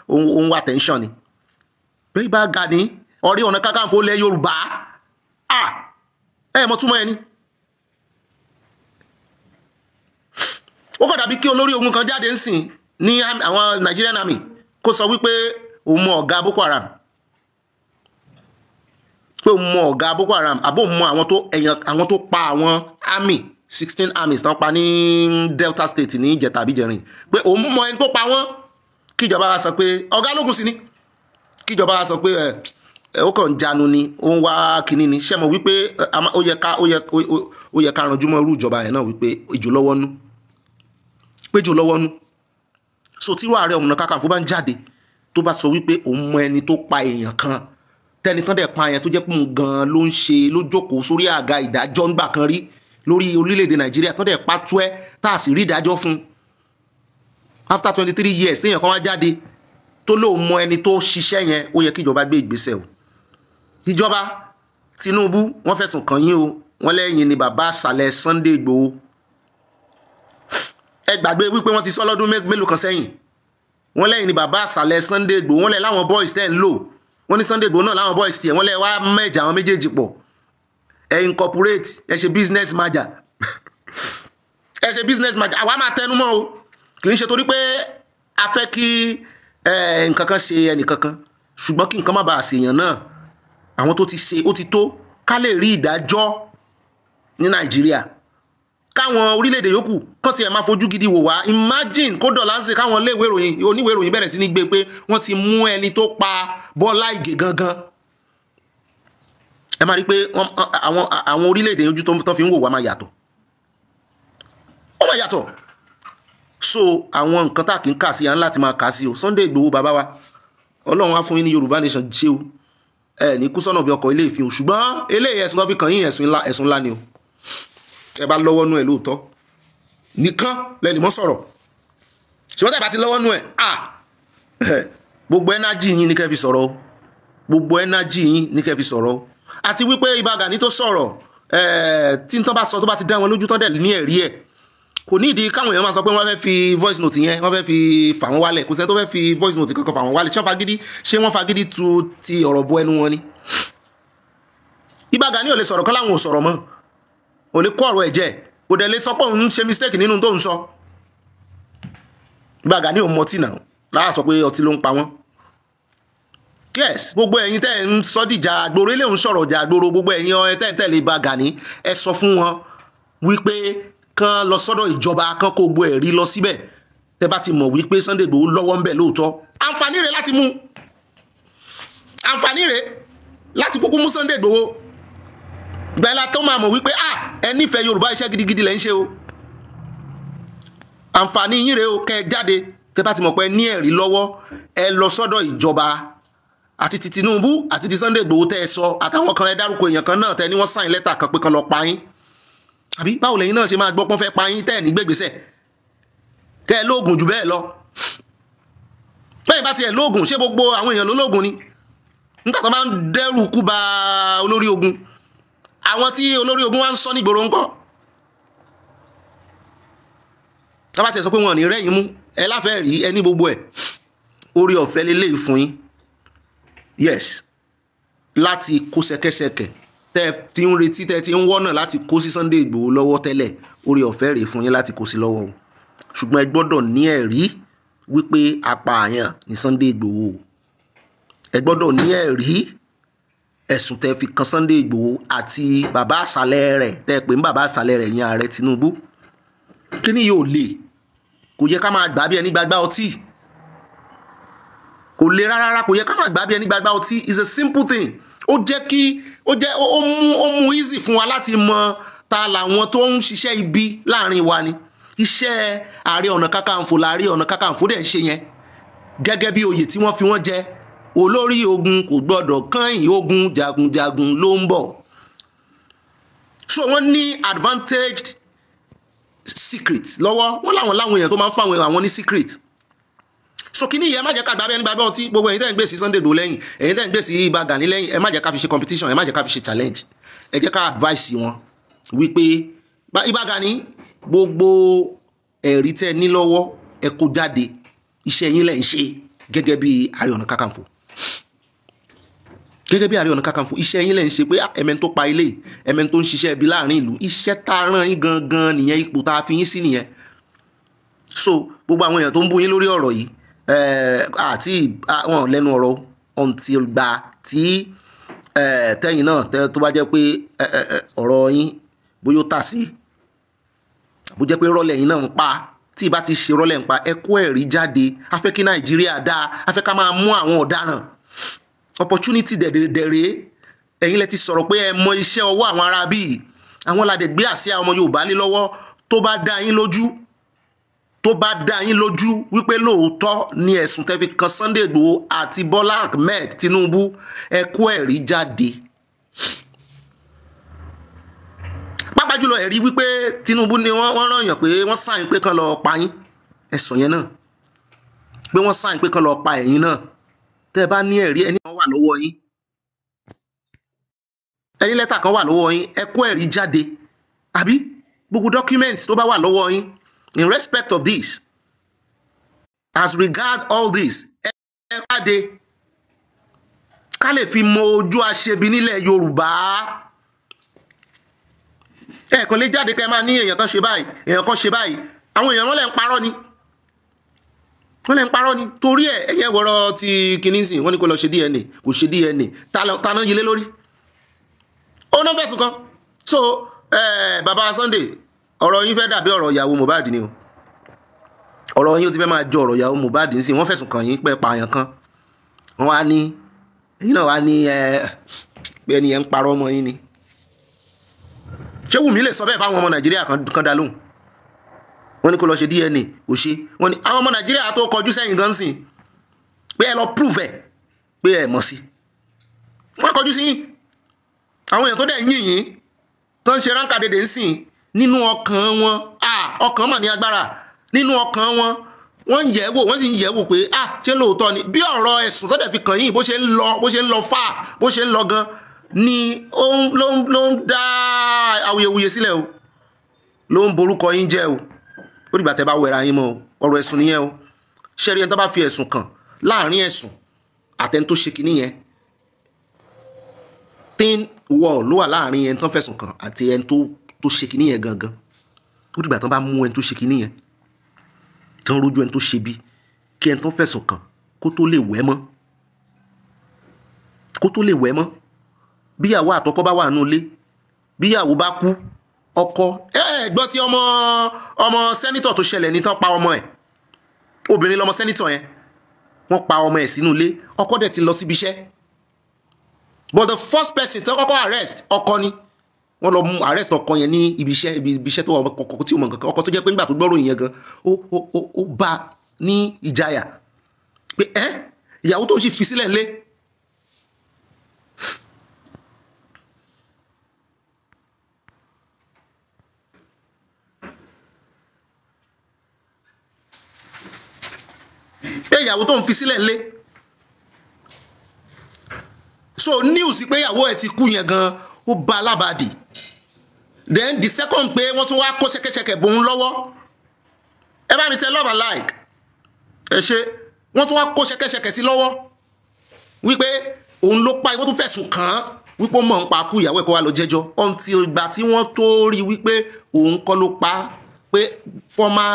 ó ń wá tension ni. bí bá ga ni Ọ̀rẹ́ Ọ̀nà Kakanfò lẹ Yorùbá ẹ mọ̀ túmọ̀ ẹni. ó kọ̀ dàbí kí olórí ogun kan jáde ń sìn ní àwọn Nigerian army kó sọ wípé òun mọ ọ̀gá Boko Haram pé òun mọ ọ̀gá Boko Haram àbó òun mọ àwọn tó ẹ̀yàn àwọn tó pa àwọn army sixteen armies tán pa ní Delta State ní ìjẹta àbíjẹrin pé òun mọ ẹni tó pa wọ́n kíjọba wa sọ pé ọ̀gá lógun sí ni kíjọba wa sọ pé ẹ̀ ó kàn jánu ni ó ń wá kinní ni ṣé mo wípé ó yẹ ká ó yẹ ó yẹ ká ranjúmọ́ irú ìjọba yẹn náà wípé ìjò lọ́wọ́ nú pé ìjò lọ́wọ́ nú so tí Ààrẹ Ọ̀nà Kakanfò bá ń jáde tó bá sọ wípé òun mọ ẹni tó pa èèyàn kan tẹni tán dẹ̀ pa yẹn tó jẹ́ pé òun gan-an ló ń ṣe ló sórí àga ìdájọ́ ńgbà kan rí lórí orílẹ̀-èdè Nàìjíríà tán dẹ̀ pátú ẹ́ tá a sì rí ìdájọ́ fún after twenty three years téèyàn kan wá jáde tó lóun mọ ẹni tó ṣiṣẹ́ yẹn ó yẹ kíjọba gbé ìgbésẹ̀ o ìjọba Tinubu wọ́n fẹ̀sùn kàn yín o wọ́n lẹ́yìn ni bàbá àṣàlẹ̀ Sunday Igboho ẹ gbàgbé wípé wọ́n ti sọ lọ́dún mélòó kan sẹ́yìn wọ́n lẹ́yìn ni bàbá àṣàlẹ̀ Sunday Igboho wọ́n lẹ́ láwọn boys tẹ́ ń lò wọ́n ní Sunday Igboho náà láwọn boys tiẹ̀ wọ́n lẹ́ wá mẹ́jà àwọn méjèèjì pọ̀ ẹ incorporate ẹ ṣe business merger ẹ ṣe business merger àwa máa tẹnu mọ́ o kì í ṣe torí pé a fẹ́ kí nǹkan kan ṣe ẹnìkankan ṣùgbọ́n kí nǹkan má bàa ṣèyàn náà àwọn tó ti ṣe ó ti tó ká lè rí ìdájọ́ ní nàìjíríà káwọn orílẹ̀-èdè yòókù kán tiẹ̀ máa fojú gidi wò wá imagine kó dọ̀là ń sè káwọn ilé ìwé ìròyìn oníwèé ìròyìn bẹ̀rẹ̀ sí ní gbé pé wọ́n ti mú ẹni tó pa Bọ́lá Ìgè gangan ẹ máa rí i pé àwọn orílẹ̀-èdè ojú tó fi ń wò wá máa yàtọ̀ ó máa yàtọ̀ so àwọn nǹkan tá a kì í kà sí à ń láti máa kà sí o Sunday Ìgbòho bàbá wa Ọlọ́run á fún yín ní Yorùbá Nation jẹ́ o ẹ ní kú sọ́nà bí ọkọ̀ ilé ìfihàn ṣùgbọ́n eléyìí ẹ̀sùn wọn fi kàn yín ẹ̀sùn ńlá ẹ̀sùn ńlá ni o ẹ bá lọ́wọ́ nú ẹ lóòótọ́ nìkan lẹ́nu mọ́ sọ̀rọ̀ ṣùgbọ́n tẹ̀ bá ti lọ́wọ́ nú ẹ à gbogbo ẹnájì yín ní kẹ́ fi sọ̀rọ̀ o gbogbo ẹnájì yín ní kẹ́ fi sọ̀rọ̀ o àti wípé Ìbà Gani tó sọ̀rọ̀ tí n tán bá sọ tó bá ti dá wọn lójú tán dẹ̀ ní ẹ̀rí ẹ̀ kò ní ìdí káwọn èèyàn máa sọ pé wọ́n fẹ́ fi voice note yẹn wọ́n fẹ́ fi fà wọ́n wálẹ̀ kò sẹ́ni tó fẹ́ fi voice note kankan fà wọ́n wálẹ̀ ṣé wọ́n fagídí ṣé wọ́n fagídí tu ti ọ̀rọ̀ bo ẹnu wọn ni. Ìbà Gani ò lè sọ̀rọ̀ kán láwọn ò sọ̀rọ̀ mọ́ ò lè kó ọ̀rọ̀ ẹ̀ jẹ́ kò dẹ̀ lè sọ pé òun ṣe mistake nínú tó ń sọ. Ìbà Gani ò mọtí náà láà sọ pé ọtí ló ń pa wọ́n. yes gbogbo ẹ̀yin tẹ́ ń sọdìjà àgbòrò ilé ń sọ̀rọ̀ jà àgbòrò gbogbo ẹ̀yin tẹ́ ń tẹ̀lé Ìbà Gani ẹ sọ fún wọn wípé kan lọ sọ́dọ̀ ìjọba kan kó gbọ́ ẹ̀rí lọ síbẹ̀ tẹ bá ti mọ̀ wípé Sunday Igboho lọ́wọ́ ń bẹ̀ lóòótọ́ àǹfààní rẹ̀ láti mú àǹfààní rẹ̀ láti kúkú mú Sunday Igboho bẹ́ẹ̀ la tó máa mọ̀ wípé à ẹ nífẹ̀ẹ́ Yorùbá iṣẹ́ gidigidi lẹ́ ń ṣe o àǹfààní yín rèé o kẹ́ ẹ jáde tẹ bá ti mọ̀ pé ẹ ní ẹ̀rí lọ́wọ́ ẹ lọ sọ́dọ̀ ìjọba àti ti Tinubu àti ti Sunday Igboho tẹ́ ẹ sọ àtàwọn kan ẹ dárúkọ èèyàn kan náà tẹ ni wọ́n sáìn lẹ́tà kan pé kan lọ pa yín àbí báwo lẹ́yìn náà ṣe máa gbọ́pọ́n fẹ́ pa yín tẹ́ ẹ̀ ní gbègbèsẹ̀ kẹ́ ẹ lóògùn jù bẹ́ẹ̀ lọ bẹ́ẹ̀ bá tiẹ̀ lóògùn ṣé gbogbo àwọn èèyàn ló lóògùn ni nígbà tó bá ń dẹ́rù kú ba olórí ogun àwọn tí olórí ogun wá ń sọ nígboro ńkọ́ tá bá tiẹ̀ sọ pé wọn ò ní rẹ́yìn mú ẹ láfẹ́ẹ́ rí ẹ ní gbogbo ẹ̀ orí ọ̀fẹ́ lélẹ́yìí fún yín yes láti kó sẹ́kẹ́sẹ́kẹ́ tẹ́ ti ń retí tẹ́ ti ń wọ́nà láti kó sí Sunday Ìgbòho lọ́wọ́ tẹ́lẹ̀ orí ọ̀fẹ́ rèé fún yín láti kó sí lọ́wọ́ o ṣùgbọ́n ẹ gbọ́dọ̀ ní ẹ̀rí wípé apààyàn ní Sunday Ìgbòho ẹ gbọ́dọ̀ ní ẹ̀rí ẹ̀sùn tẹ́ fi kan Sunday Ìgbòho àti bàbá àṣàlẹ̀ rẹ̀ tẹ́ pè ń bàbá àṣàlẹ̀ rẹ̀ yan ààrẹ Tinubu kí ni yóò lè kò yẹ ká máa gbà bí ẹni gbàgbá ọtí kò le rárá kò yẹ ká máa gbà bí ẹni gbàgbá ọtí it's a simple thing ó jẹ́ kí ó jẹ́ ó mú ó mú easy fún wa láti mọ ta làwọn tó ń ṣiṣẹ́ ibi láàrin wa ni iṣẹ́ ààrẹ ọ̀nà kakanfò làárẹ̀ ọ̀nà kakanfò dẹ̀ ń ṣe yẹn gẹ́gẹ́ bí oyè tí wọ́n fi wọ́n jẹ olórí ogun kò gbọ́dọ̀ kányìn ogun jagunjagun ló ń bọ̀ so wọ́n ní advantaged secret lọ́wọ́ wọ́n láwọn láwọn èèyàn tó máa ń fáwọn àwọn ní secret so kini ni ìyẹn má jẹ́ ká gbà bẹ́ẹ̀ ní gbàgbọ́ ọtí gbogbo ẹ̀yin tẹ́ ń gbé Sunday Igboho lẹ́yìn ẹ̀yin tẹ́ ń gbé sí Gani lẹ́yìn ẹ má jẹ́ ká fi ṣe competition ẹ má jẹ́ ká fi ṣe challenge ẹ jẹ́ ká advice wọn wípé Ìbà Gani gbogbo ẹ̀rí tẹ́ ní lọ́wọ́ ẹ kó jáde iṣẹ́ yín lẹ́ ń ṣe gẹ́gẹ́ bí Ààrẹ Ọ̀nà Kakanfò gẹ́gẹ́ bí Ààrẹ Ọ̀nà Kakanfò iṣẹ́ yín lẹ́ ń ṣe pé ah, ẹ̀mẹ́ni tó pa ilé ẹ̀mẹ́ni tó ń ṣiṣẹ́ ibi láàrin ìlú iṣẹ́ tá a rán yín gangan nìyẹn ipò tá a fi yín sí nìyẹn so gbogbo àwọn èèyàn tó ń bú yín lórí ọ̀rọ̀ yìí àti eh, àwọn lẹ́nu ọ̀rọ̀ until gba tí eh, tẹ́yìn náà tó bá jẹ́ pé eh, ọ̀rọ̀ yín bóyá ó tà sí bó jẹ́ pé rọ́lẹ̀ yín náà ń pa tí ìbá ti ṣe rọ́lẹ̀ ń pa ẹ kó ẹ̀rí jáde a fẹ́ kí Nàìjíríà dáa a fẹ́ ká máa mú àwọn ọ̀daràn opportunity dẹ̀dẹ̀dẹ̀rẹ̀ ẹ̀yin lẹ ti sọ̀rọ̀ pé ẹ mọ iṣẹ́ ọwọ́ àwọn aráabí àwọn ládẹ̀ gbé àsíá ọmọ Yorùbá lé lọ́wọ́ tó bá dá yín lójú tó bá dá yín lójú wípé lóòótọ́ ni ẹ̀sùn tẹ́ kan Sunday Igboho àti Bọ́lá Ahmed Tinubu ẹ kó ẹ̀rí jáde pàápàá jùlọ ẹ̀rí wípé Tinubu ni wọ́n rán yàn pé wọ́n sáyìn pé kan lọ pa yín ẹ̀sùn yẹn náà pé wọ́n sáyìn pé kan lọ pa ẹ̀yin náà tẹ́ ẹ bá ní ẹ̀rí ẹni kan wà lọ́wọ́ yín ẹni lẹ́tà kan wà lọ́wọ́ yín ẹ kó ẹ̀rí jáde àbí gbogbo dọ́kúmẹ́ǹtì tó bá wà lọ́wọ́ yín in respect of this as regard all this ẹ jáde ká lè fi mọ ojú aṣebi nílẹ̀ Yorùbá ẹ kàn lè jáde ká ẹ máa ní èèyàn kan ṣe báyìí èèyàn kan ṣe báyìí àwọn èèyàn wọn lè ń parọ́ ni wọ́n lè ń parọ́ ni torí ẹ̀ ẹ̀yẹ wọ̀rọ̀ ti kìíní sìn wọ́n ní kó lọ ṣe DNA kò ṣe DNA taná yẹlé lórí ó ná fẹ̀sùn kan so eh, baba Sunday ọ̀rọ̀ yín fẹ́ dàbí ọ̀rọ̀ ìyàwó Mohbad ni o ọ̀rọ̀ yín ó ti fẹ́ máa jọ ọ̀rọ̀ ìyàwó Mohbad ń sìn wọ́n fẹ̀sùn kàn yín pé pààyàn kan wọ́n wá ní èyí náà wá ní ẹ pé ẹni yẹn ń parọ́ ọmọ yín ni ṣé Wùmí lè sọ bẹ́ẹ̀ fáwọn ọmọ Nàìjíríà kan dá lóhùn wọ́n ní kó lọ ṣe DNA kò ṣe wọ́n ní àwọn ọmọ Nàìjíríà tó kọjú sẹ́yìn gan sìn pé ẹ lọ prove ẹ pé ẹ mọ̀ sí wọ́n kọjú sí àwọn èèyàn tó dẹ̀ yìn yín tó ń ṣe ránkà dédé ń sìn nínú ọkàn wọn ọkàn mà ní agbára nínú ọkàn wọn wọ́n ń yẹ̀wò wọ́n sì ń yẹ̀wò pé ah ṣé lóòótọ́ ni bí ọ̀rọ̀ ẹ̀sùn tó dẹ̀ fi kàn yín bó ṣe ń lọ bó ṣe ń lọ fà bó ṣe ń lọ gan ni ló ń dá awuyewuye sílẹ̀ o ló ń borúkọ yín jẹ́ o ó dìgbà tẹ́ bá wẹ̀ra yín mọ́ o ọ̀rọ̀ ẹ̀sùn nìyẹn o ṣé rí ẹni tó bá fi ẹ̀sùn kàn láàrin ẹ̀sùn àtẹni tó ṣe kínní yẹn t'in wall ló wà láàrin ẹni tó fẹ̀sùn kàn àti ẹni tó tó ṣe kinní yẹn gangan ó dìgbà tán bá mú ẹni tó ṣe kinní yẹn tán rójú ẹni tó ṣe bí kí ẹni tán fẹ̀sùn kàn kó tó lè wẹ́ mọ́ kó tó lè wẹ́ mọ́ bíyàwó àtọkọ bá wà nù ilé bíyàwó bá kú ọkọ ẹ ẹ gbọ́ tí ọmọ ọmọ sẹ́nitọ̀ tó ṣẹlẹ̀ ní tán pa ọmọ ẹ̀ obìnrin lọmọ sẹ́nitọ̀ yẹn wọ́n pa ọmọ ẹ̀ sínú ilé ọkọ dẹ̀ ti lọ síbi iṣẹ́ but the first person tí wọ́n kọ́kọ́ arrest ọkọ ni wọ́n lọ mú arrest ọkàn yẹn ní ibi iṣẹ́ ibi iṣẹ́ tó wà kọ̀ọ̀kan tí o mọ̀ nǹkan ọkọ̀ tó jẹ́ pé nígbà tó gbọ́rò yẹn gan ó ó ó ó bá ní ìjayà pé ẹ́ ìyàwó tó ń ṣe fi sílẹ̀ ńlé. pé ìyàwó tó ń fi sílẹ̀ ńlé so news pé ìyàwó ẹ̀ ti kú yẹn gan ó bá alábàádì then the second pé wọ́n tún wá kó ṣẹ̀kẹ̀ṣẹ̀kẹ̀ bòun lọ́wọ́ ẹ bá mi tẹ love alike. like ẹ ṣe wọ́n tún wá kó ṣẹ̀kẹ̀ṣẹ̀kẹ̀ sí lọ́wọ́ wípé òun ló pa ìwọ́n tún fẹ̀sùn kàn án wípé ó mọ̀ ń pa kú ìyàwó ẹ̀kọ́ wa lọ jẹ́jọ́ ọ̀ǹtì ìgbà tí wọ́n tó rí wípé òun kọ́ ló pa pé former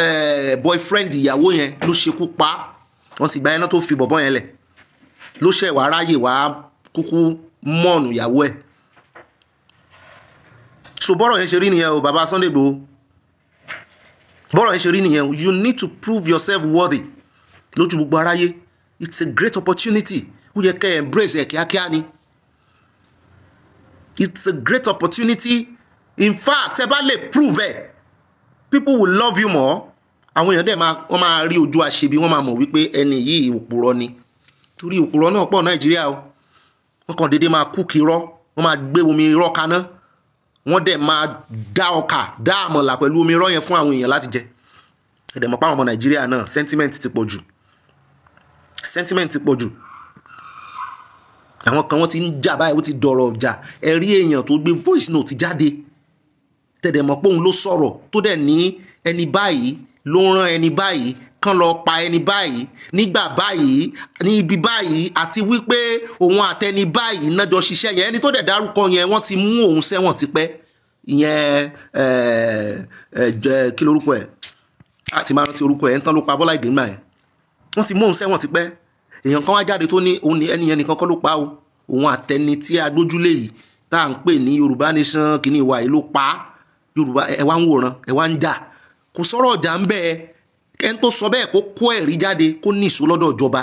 eh, boyfriend ìyàwó yẹn ló ṣekú pa wọ́n ti gba ẹná tó fi bọ̀bọ́ yẹn lẹ̀ ló ṣẹ̀ wá ráyè wá kúkú mọ́ọ̀nù ìyàwó ẹ̀ so bọ́rọ̀ yẹn ṣe rí nìyẹn o bàbá Sunday Igboho bọ́rọ̀ yẹn ṣe rí nìyẹn o you need to prove yourself worthy lójú gbogbo aráyé it's a great opportunity ó yẹ kẹ́ ẹ̀ embrace ẹ̀ kíákíá ni it's a great opportunity in fact ẹ bá lè prove ẹ people will love you more àwọn èèyàn dẹ̀ máa wọ́n máa rí ojú àṣebi wọ́n máa mọ̀ wípé ẹni yìí òpùrọ̀ ni torí òpùrọ̀ náà pọ̀ Nàìjíríà o wọ́n kàn déédéé máa kú kí irọ́ wọ́n máa gbé omi irọ́ kaná wọ́n dẹ̀ máa dá ọkà dá àmàlà pẹ̀lú omi rọ́yẹn fún àwọn èèyàn láti jẹ ẹ̀dẹ̀ mọ̀ pé ọmọ nàìjíríà náà sentiment ti pọ̀ jù sentiment ti pọ̀ jù àwọn kan wọ́n ti ń jà báyìí wọ́n ti dọ̀rọ̀ ọjà ẹ̀rí èèyàn tó gbé voice note jáde tẹ̀dẹ̀ mọ̀ pé òun ló sọ̀rọ̀ tó dẹ̀ ní ẹni báyìí ló ń rán ẹni báyìí kán lọ pa ẹni báyìí nígbà báyìí ní ibi báyìí àti wípé òun àtẹni báyìí náà jọ ṣiṣẹ́ yẹn ẹni tó dẹ̀ dárúkọ yẹn wọ́n ti mú òun sẹ́wọ̀n tipẹ́ ìyẹn kí lorúkọ ẹ̀ àti máa rántí orúkọ ẹ̀ ń tán ló pa Bọ́lá Ìgè nígbà yẹn wọ́n ti mú òun sẹ́wọ̀n tipẹ́ èèyàn kan wá jáde tó ní òun ẹni yẹn nìkan kọ́ ló pa o òun àtẹni tí a gbójúlé yìí tá à ń pè ní Yorùbá Nation kìíní ìwà yìí ló pa Yorùbá ẹ wá ń wòran ẹ wá ń jà kò sọ̀rọ̀ ọ̀jà ń bẹ́ẹ̀ ẹni tó sọ bẹ́ẹ̀ kó kó ẹ̀rí jáde kó ní ìṣó lọ́dọ̀ ìjọba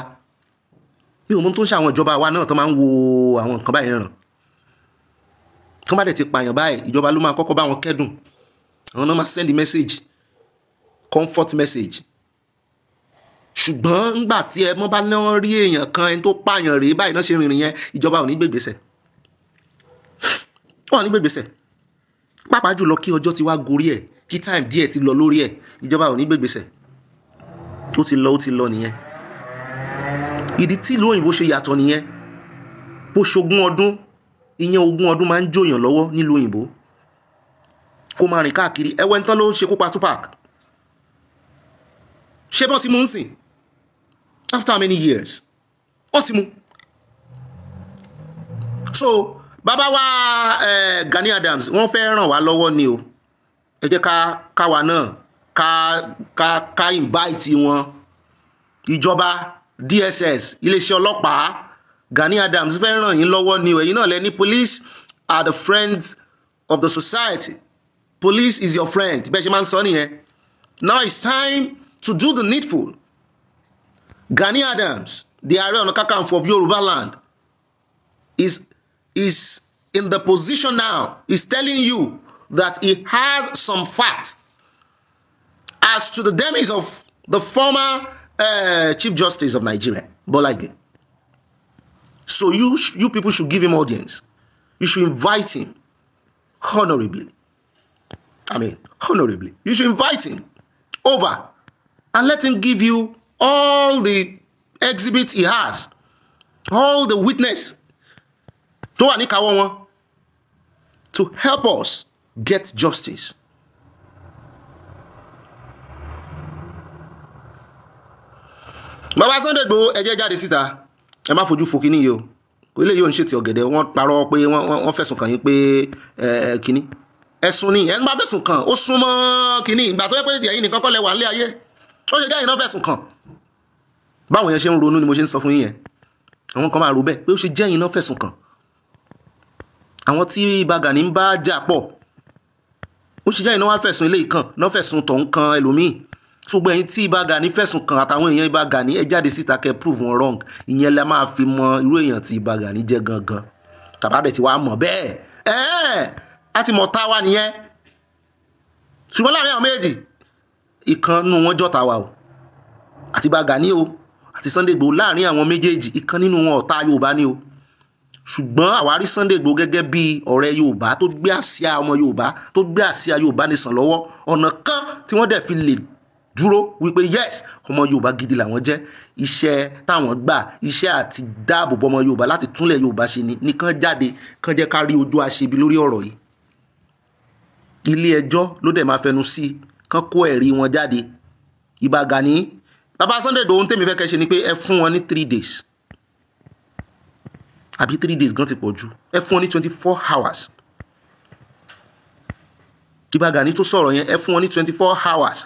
mi ò mọ tó ń ṣe àwọn ìjọba wa náà tó máa ń wo àwọn nǹkan báyìí ràn tó bá dẹ̀ ti pààyàn báyìí ìjọba ló máa kọ́kọ́ bá wọn kẹ́dùn àwọn náà máa send message comfort message ṣùgbọ́n ńgbà tí ẹ mọ́ bá náà rí èèyàn kan ẹni tó pààyàn rèé báyìí náà ṣe rìnrìn yẹn ìjọba ò ní gbègbèsè wọn ò ní gbègbèsè pàápàá jùlọ kí ọjọ́ ti wá gorí ẹ̀ kí time díẹ̀ ti lọ lórí ẹ̀ ìjọba ò ní gbègbèsè ó ti lọ ó ti lọ nìyẹn ìdí tí ìlú òyìnbó ṣe yàtọ̀ nìyẹn bó ṣogún ọdún ìyẹn ogún ọdún máa ń jòyàn lọ́wọ́ nílùú òyìnbó kó máa rìn káàkiri ẹwẹ́ nítán ló ń ṣekú pa Tupac ṣé bọ́n ti mú ń sìn after many years wọ́n ti mú so bàbá wa eh, Gani Adams wọ́n fẹ́ ràn wá lọ́wọ́ ni o ẹ jẹ́ ká káwa náà Ka ka ka invite wọn ìjọba DSS iléeṣẹ́ ọlọ́pàá Gani Adams fẹ́ ràn yín lọ́wọ́ ni ẹ̀yin náà lẹ́ni police are the friends of the society police is your friend bẹ́ẹ̀ ṣe máa ń sọ nìyẹn now it's time to do the needful Gani Adams the Ààrẹ Ọ̀nà Kakanfò of Yorùbá land is is in the position now is telling you that he has some facts as to the demise of the former uh, Chief Justice of Nigeria, Bolage. So you, you people should give him audience. You should invite him honorably. I mean, honorably. You should invite him over and let him give you all the exhibits he has, all the witness tó wà to help us get justice. bàbá Sunday Igboho ẹ jẹ́ jáde síta ẹ má fojú fo kínní yìí o eléyìí ò ń ṣètì ọ̀gẹ̀dẹ̀ wọ́n parọ́ pé wọ́n fẹ̀sùn kàn yín pé kínní ẹ̀sùn ni ẹ̀ ń bá fẹ̀sùn kàn ó sún mọ́ kínní ìgbà tó yẹ pé ẹ̀yin nìkan kọ́ lẹ wà nílé ayé ó ṣe jẹ́yìn náà fẹ̀sùn kàn báwọn yẹn ṣe ń ronú ni mo ṣe ń sọ fún yín yẹn àwọn kan máa rò bẹ́ẹ̀ pé ó ṣe jẹ́yìn náà fẹ̀sùn kàn àwọn tí Bagani ń bá jà pọ̀ ó ṣe jẹ́yìn náà wá fẹ̀sùn eléyìí kàn náà fẹ̀sùn tọ̀hún kan ẹlòmíì ṣùgbọ́n ẹ̀yin tí Ìbà Gani fẹ̀sùn kàn àtàwọn èèyàn Ìbà Gani ẹ jáde síta kẹ́ prove wọn wrong ìyẹn la máa fi mọ irú èèyàn tí Ìbà Gani jẹ́ gangan tàbádẹ̀ tí wàá mọ̀ bẹ́ẹ̀ ẹ̀ẹ́ a ti mọ̀ táwa nìyẹn ṣùgbọ́n láàrin àwọn méjì ìkànnù wọn jọ̀tá wa o àti Ìbà Gani o àti Sunday Igboho láàrin àwọn méjèèjì ìkan nínú wọn ọ̀tá Yorùbá ni o ṣùgbọ́n àwárí Sunday Igboho gẹ́gẹ́ bí ọ̀rẹ́ Yorùbá tó gbé àsíá ọmọ Yorùbá tó gbé àsíá Yorùbá nìsàn lọ́wọ́ ọ̀nà kan tí wọ́n dẹ̀ fi lè dúró wípé yes ọmọ yorùbá gidi làwọn jẹ́ iṣẹ́ táwọn gbà iṣẹ́ àti dáàbò bọmọ yorùbá láti túnlẹ̀ yorùbá ṣe ni nìkan jáde kàn jẹ́ ká rí ojú àṣebi lórí ọ̀rọ̀ yìí ilé ẹjọ́ ló dẹ̀ máa fẹnu sí i kán kó ẹ̀rí wọn jáde Ìbà Gani bàbá Sunday Igboho tèmi fẹ́ kẹ́ ṣe ni pé ẹ fún wọn ní three days àbí three days gan ti pọ̀ jù ẹ fún wọn ní twenty four hours Ìbà Gani tó sọ̀rọ̀ yẹn ẹ fún wọn ní twenty four hours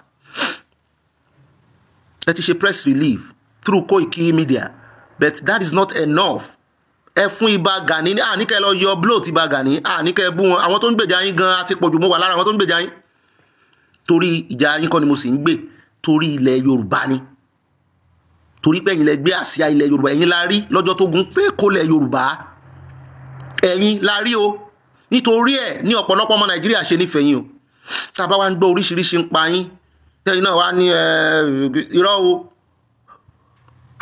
ẹ ti ṣe press relief through Koiki Media but that is not enough ẹ fún Ìbà Gani àníkẹ́ lọ yọ bloat Ìbà Gani àníkẹ́ bú wọn àwọn tó ń gbèjà yín gan àti pọ̀jù mọ́ wà lára àwọn tó ń gbèjà yín torí ìjà yín kọ́ ni mo sì ń gbè torí ilẹ̀ Yorùbá ni torí pé ẹ̀yin lẹ gbé àsíá ilẹ̀ Yorùbá ẹ̀yin la rí lọ́jọ́ tó gun fẹ́ kó lẹ̀ Yorùbá ẹ̀yin la rí o nítorí ẹ̀ ní ọ̀pọ̀lọpọ̀ ọmọ Nàìjíríà ṣe nífẹ̀ẹ́ yín o tá a bá wá ń gbọ́ oríṣiríṣi ń pa yín tẹ́yìn náà wá ní irọ́ o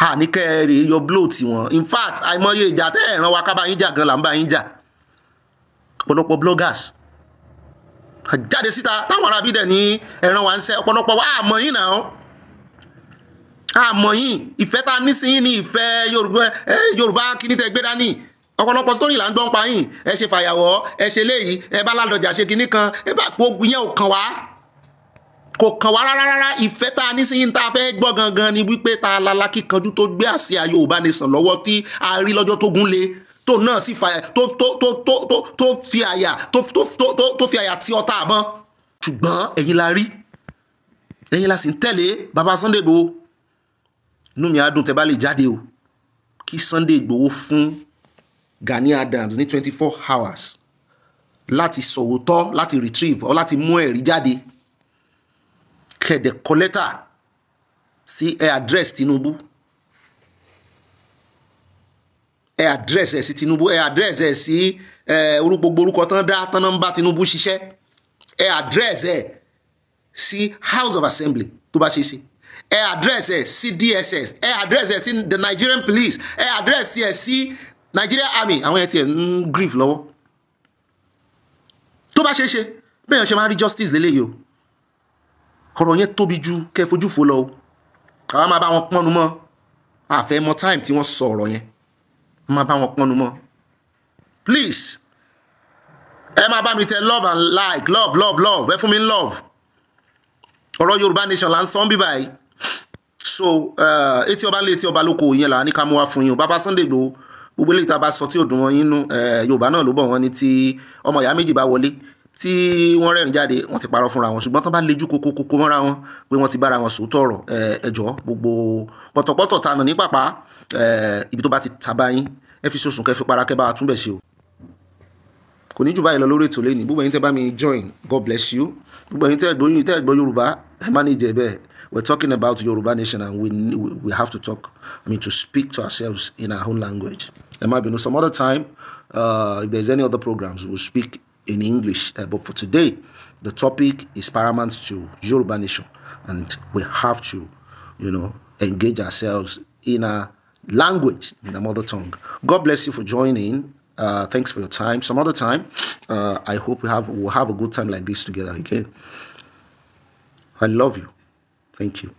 àníkẹ́ rèé yọ blow tí wọ́n in fact àìmọye ìjà tẹ́ ẹ̀ ràn wá ká bá yín jà gan là ń bá yín jà ọ̀pọ̀lọpọ̀ bloggers jáde síta táwọn arábí dẹ̀ ní ẹ̀ràn wá ń sẹ́ ọ̀pọ̀lọpọ̀ wá àmọ́ yín náà àmọ́ yín ìfẹ́ ta nísìnyí ní ìfẹ́ Yorùbá kíní tẹ́ gbé dání ọ̀pọ̀lọpọ̀ sórí là ń gbọ́n pa yín ẹ ṣe fàyàwọ́ ẹ ṣe léyìí ẹ bá ládọjà ṣe kinní kan ẹ bá gbogbo yẹn ò kàn wá kò kàn wá rárá rárá ìfẹ́ tá a ní síyìn tá a fẹ́ gbọ́ gangan ni wípé ta lala kíkanjú tó gbé àsíá Yorùbá Nation lọ́wọ́ tí a rí lọ́jọ́ tó gún le tó náà sì fa tó tó tó tó tó tó fi àyà tó tó tó tó fi àyà tí ọta àbọn ṣùgbọ́n ẹ̀yin la rí ẹ̀yin la sì ń tẹ̀lé baba Sunday Igboho inú mi á dùn tẹ́ bá lè jáde o kí Sunday Igboho fún Gani Adams ní twenty four hours láti sọ̀wọ́tọ́ láti retrieve ọ láti mú ẹ̀rí jáde kẹ̀dẹ̀ kọ lẹ́tà sí ẹ àdírẹ́sì Tinubu ẹ àdírẹ́sì ẹ̀ sí Tinubu ẹ àdírẹ́sì ẹ̀ sí ẹ gbogbo orúkọ tán dá tán náà ń bá Tinubu ṣiṣẹ́ ẹ àdírẹ́sì ẹ̀ sí House of Assembly tó bá ṣe é ṣe ẹ àdírẹ́sì ẹ̀ sí DSS ẹ àdírẹ́sì ẹ̀ sí the Nigerian Police ẹ àdírẹ́sì ẹ̀ sí Nigerian Army àwọn ẹ̀ tiẹ̀ ń grief lọ́wọ́ tó bá ṣe é ṣe bẹ́ẹ̀ ṣe máa rí justice lélẹ́yìí o ọ̀rọ̀ yẹn tóbi ju kẹ́ ẹ fojú fo lọ o àwa máa bá wọn pọ́nnu mọ́ àfẹ́ mọ time tí wọ́n sọ ọ̀rọ̀ yẹn máa bá wọn pọ́nnu mọ́ please ẹ máa bá mi tẹ love and like love love love ẹ fún mi love ọ̀rọ̀ Yorùbá nation là ń sọ ń bí báyìí so eh, etí ọba lé etí ọba lóko yẹn là ní ká mú wá fún yín o bàbá Sunday Igboho gbogbo eléyìí tá a bá sọ tí ò dùn wọn yín nú eh, Yorùbá náà ló bọ̀ wọ́n ní tí ọmọ ìyá méjì bá wọlé tí wọ́n rẹ́rìn jáde wọ́n ti parọ́ fúnra wọn ṣùgbọ́n tán bá lejú kokokoko mọ́ra wọn pé wọ́n ti bára wọn sòótọ́ ọ̀rọ̀ ẹ̀jọ́ gbogbo pọ̀tọ̀pọ̀tọ̀ tanà ní pàpà ibi tó bá ti tàbá yín ẹ fi sọ̀sùn kẹ́ fi para kẹ́ bá a túnbẹ̀ ṣe o kò ní jù báyìí lọ lórí ètò lẹ́yìn gbogbo ẹ̀yin tẹ́ bá mi join God bless you gbogbo ẹ̀yin tẹ́ gbóyún tẹ́ gbọ́ Yorùbá ẹ má ní jẹ bẹ́ẹ̀ we're talking about Yorùbá nation and we, we we have to talk I mean to speak to ourselves in our own language ẹ má bínú some other time uh, if there's any other programs we'll speak in English. Uh, but for today, the topic is paramount to Yoruba Nation, and we have to, you know, engage ourselves in a language, in our mother tongue. God bless you for joining. Uh, thanks for your time. Some other time, uh, I hope we have we'll have a good time like this together again. I love you. Thank you.